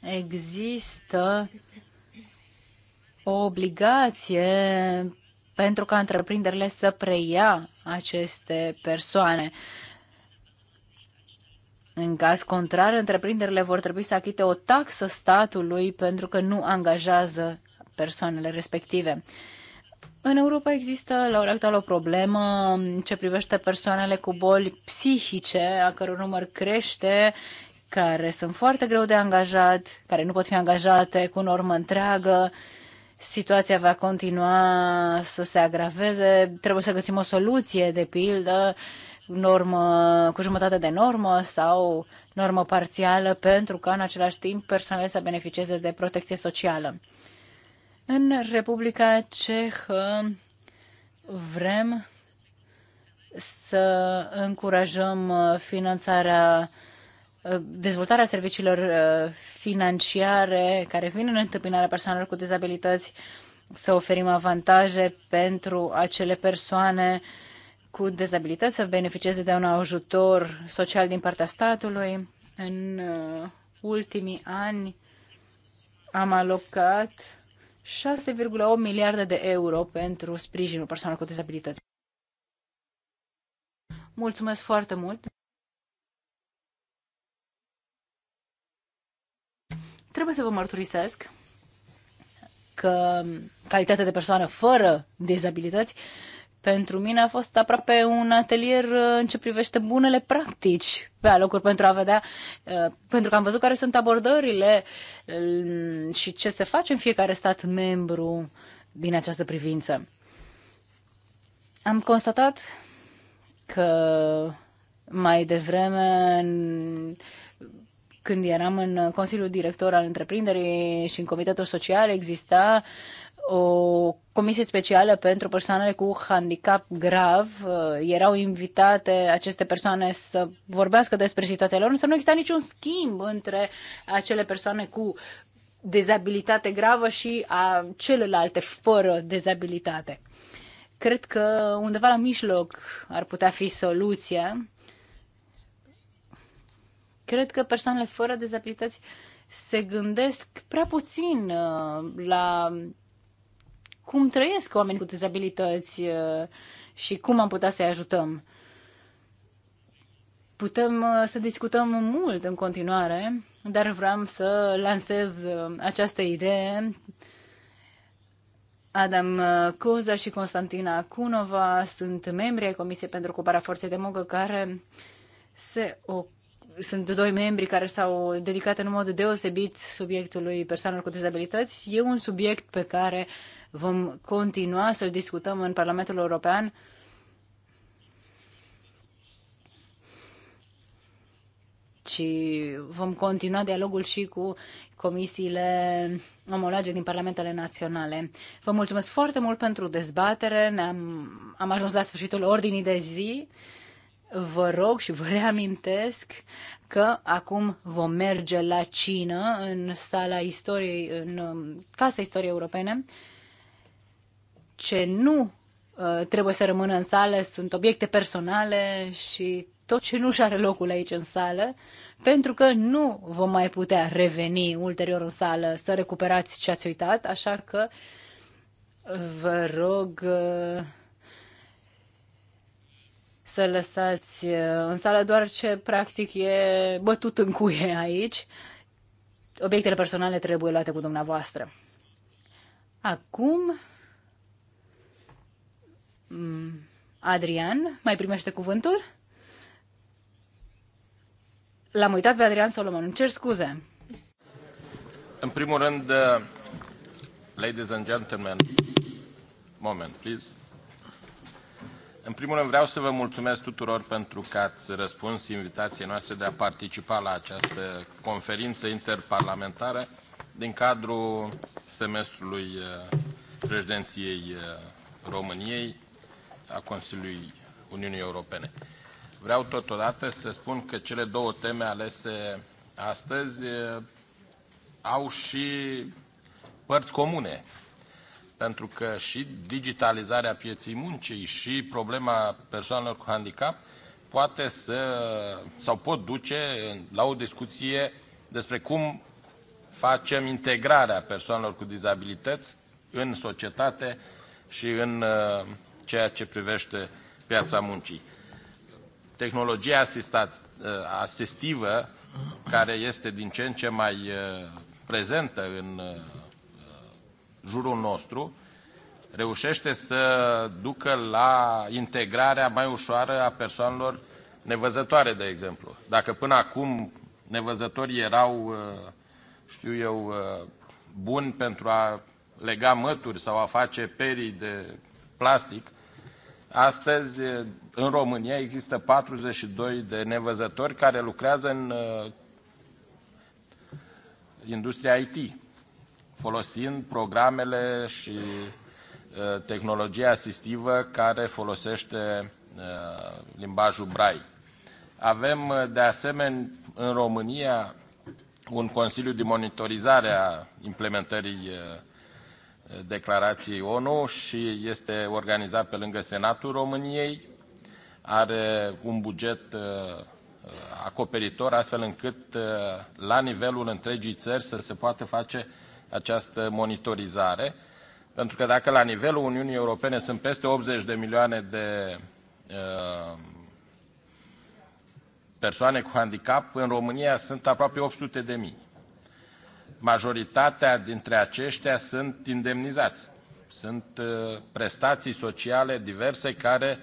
există o obligație pentru ca întreprinderile să preia aceste persoane. În caz contrar, întreprinderile vor trebui să achite o taxă statului pentru că nu angajează persoanele respective. În Europa există la ora actuală o problemă ce privește persoanele cu boli psihice, a căror număr crește, care sunt foarte greu de angajat, care nu pot fi angajate cu normă întreagă, situația va continua să se agraveze, trebuie să găsim o soluție, de pildă, normă, cu jumătate de normă sau normă parțială, pentru ca în același timp persoanele să beneficieze de protecție socială. În Republica Cehă vrem să încurajăm uh, finanțarea Uh, dezvoltarea serviciilor uh, financiare care vin în întâmpinarea persoanelor cu dizabilități, să oferim avantaje pentru acele persoane cu dezabilități să beneficieze de un ajutor social din partea statului. În uh, ultimii ani am alocat 6,8 miliarde de euro pentru sprijinul persoanelor cu dizabilități. Mulțumesc foarte mult! Trebuie să vă mărturisesc că calitatea de persoană fără dizabilități pentru mine a fost aproape un atelier uh, în ce privește bunele practici pe alocuri pentru a vedea, uh, pentru că am văzut care sunt abordările uh, și ce se face în fiecare stat membru din această privință. Am constatat că mai devreme când eram în Consiliul Director al Întreprinderii și în Comitetul Social, exista o comisie specială pentru persoanele cu handicap grav. Erau invitate aceste persoane să vorbească despre situația lor, însă nu exista niciun schimb între acele persoane cu dezabilitate gravă și a celelalte fără dezabilitate. Cred că undeva la mijloc ar putea fi soluția Cred că persoanele fără dezabilități se gândesc prea puțin uh, la cum trăiesc oamenii cu dezabilități uh, și cum am putea să-i ajutăm. Putem uh, să discutăm mult în continuare, dar vreau să lansez această idee. Adam Coza și Constantina Cunova sunt membri ai Comisiei pentru Ocuparea Forței de Muncă care se ocupă sunt doi membri care s-au dedicat în mod deosebit subiectului persoanelor cu dizabilități. E un subiect pe care vom continua să-l discutăm în Parlamentul European. și vom continua dialogul și cu comisiile omologe din parlamentele naționale. Vă mulțumesc foarte mult pentru dezbatere. Ne-am, am ajuns la sfârșitul ordinii de zi vă rog și vă reamintesc că acum vom merge la cină în sala istoriei, în um, Casa Istoriei Europene. Ce nu uh, trebuie să rămână în sală sunt obiecte personale și tot ce nu și are locul aici în sală, pentru că nu vom mai putea reveni ulterior în sală să recuperați ce ați uitat, așa că vă rog uh, să lăsați uh, în sală doar ce practic e bătut în cuie aici. Obiectele personale trebuie luate cu dumneavoastră. Acum, mm, Adrian mai primește cuvântul? L-am uitat pe Adrian Solomon. Îmi cer scuze. În primul rând, uh, ladies and gentlemen, moment, please. În primul rând vreau să vă mulțumesc tuturor pentru că ați răspuns invitației noastre de a participa la această conferință interparlamentară din cadrul semestrului uh, președinției uh, României a Consiliului Uniunii Europene. Vreau totodată să spun că cele două teme alese astăzi uh, au și părți comune pentru că și digitalizarea pieții muncii și problema persoanelor cu handicap poate să, sau pot duce la o discuție despre cum facem integrarea persoanelor cu dizabilități în societate și în uh, ceea ce privește piața muncii. Tehnologia asistat, uh, asistivă, care este din ce în ce mai uh, prezentă în jurul nostru reușește să ducă la integrarea mai ușoară a persoanelor nevăzătoare, de exemplu. Dacă până acum nevăzătorii erau, uh, știu eu, uh, buni pentru a lega mături sau a face perii de plastic, astăzi uh, în România există 42 de nevăzători care lucrează în industria IT folosind programele și tehnologia asistivă care folosește limbajul braille. Avem, de asemenea, în România un Consiliu de Monitorizare a implementării declarației ONU și este organizat pe lângă Senatul României. Are un buget acoperitor, astfel încât la nivelul întregii țări să se poată face această monitorizare, pentru că dacă la nivelul Uniunii Europene sunt peste 80 de milioane de uh, persoane cu handicap, în România sunt aproape 800 de mii. Majoritatea dintre aceștia sunt indemnizați. Sunt uh, prestații sociale diverse care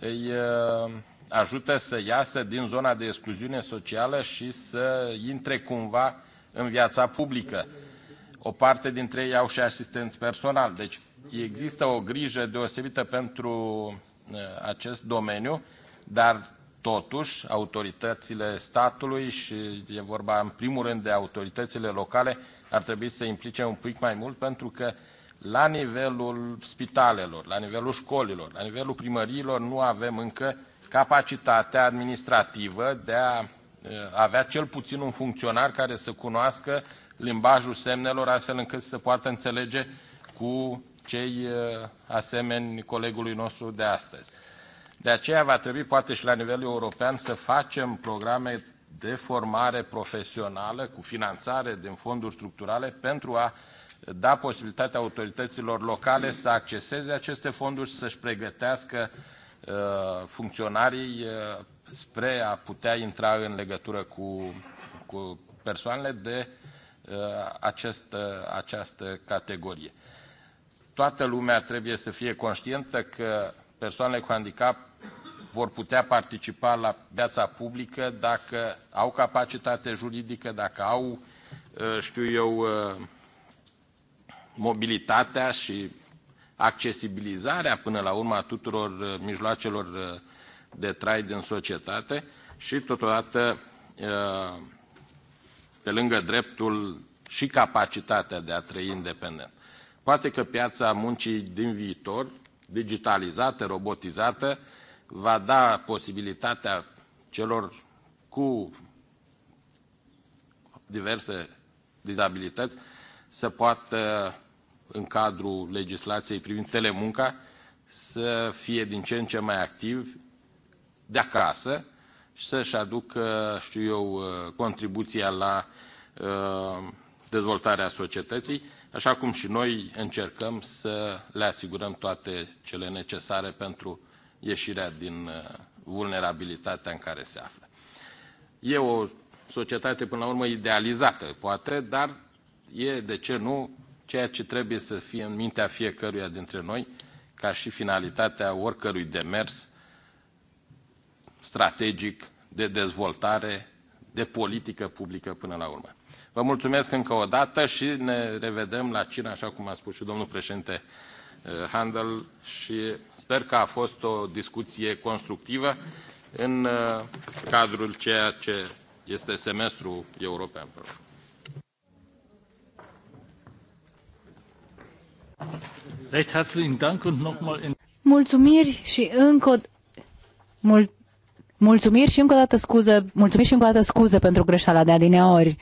îi uh, ajută să iasă din zona de excluziune socială și să intre cumva în viața publică o parte dintre ei au și asistenți personal. Deci există o grijă deosebită pentru uh, acest domeniu, dar totuși autoritățile statului și e vorba în primul rând de autoritățile locale ar trebui să implice un pic mai mult pentru că la nivelul spitalelor, la nivelul școlilor, la nivelul primăriilor nu avem încă capacitatea administrativă de a uh, avea cel puțin un funcționar care să cunoască limbajul semnelor, astfel încât să poată înțelege cu cei uh, asemeni colegului nostru de astăzi. De aceea va trebui, poate și la nivel european, să facem programe de formare profesională cu finanțare din fonduri structurale pentru a da posibilitatea autorităților locale să acceseze aceste fonduri și să-și pregătească uh, funcționarii uh, spre a putea intra în legătură cu, cu persoanele de Uh, acest, uh, această categorie. Toată lumea trebuie să fie conștientă că persoanele cu handicap vor putea participa la viața publică dacă au capacitate juridică, dacă au, uh, știu eu, mobilitatea și accesibilizarea până la urmă a tuturor mijloacelor de trai din societate și totodată pe lângă dreptul și capacitatea de a trăi independent. Poate că piața muncii din viitor, digitalizată, robotizată, va da posibilitatea celor cu diverse dizabilități să poată, în cadrul legislației privind telemunca, să fie din ce în ce mai activ de acasă, să-și aducă, știu eu, uh, contribuția la uh, dezvoltarea societății, așa cum și noi încercăm să le asigurăm toate cele necesare pentru ieșirea din uh, vulnerabilitatea în care se află. E o societate, până la urmă, idealizată, poate, dar e, de ce nu, ceea ce trebuie să fie în mintea fiecăruia dintre noi, ca și finalitatea oricărui demers strategic, de dezvoltare, de politică publică până la urmă. Vă mulțumesc încă o dată și ne revedem la cină, așa cum a spus și domnul președinte eh, Handel și sper că a fost o discuție constructivă în eh, cadrul ceea ce este semestrul european. Mulțumiri și încă o... Mult... Mulțumiri și încă o dată scuze, mulțumiri și încă o dată scuze pentru greșeala de adineori.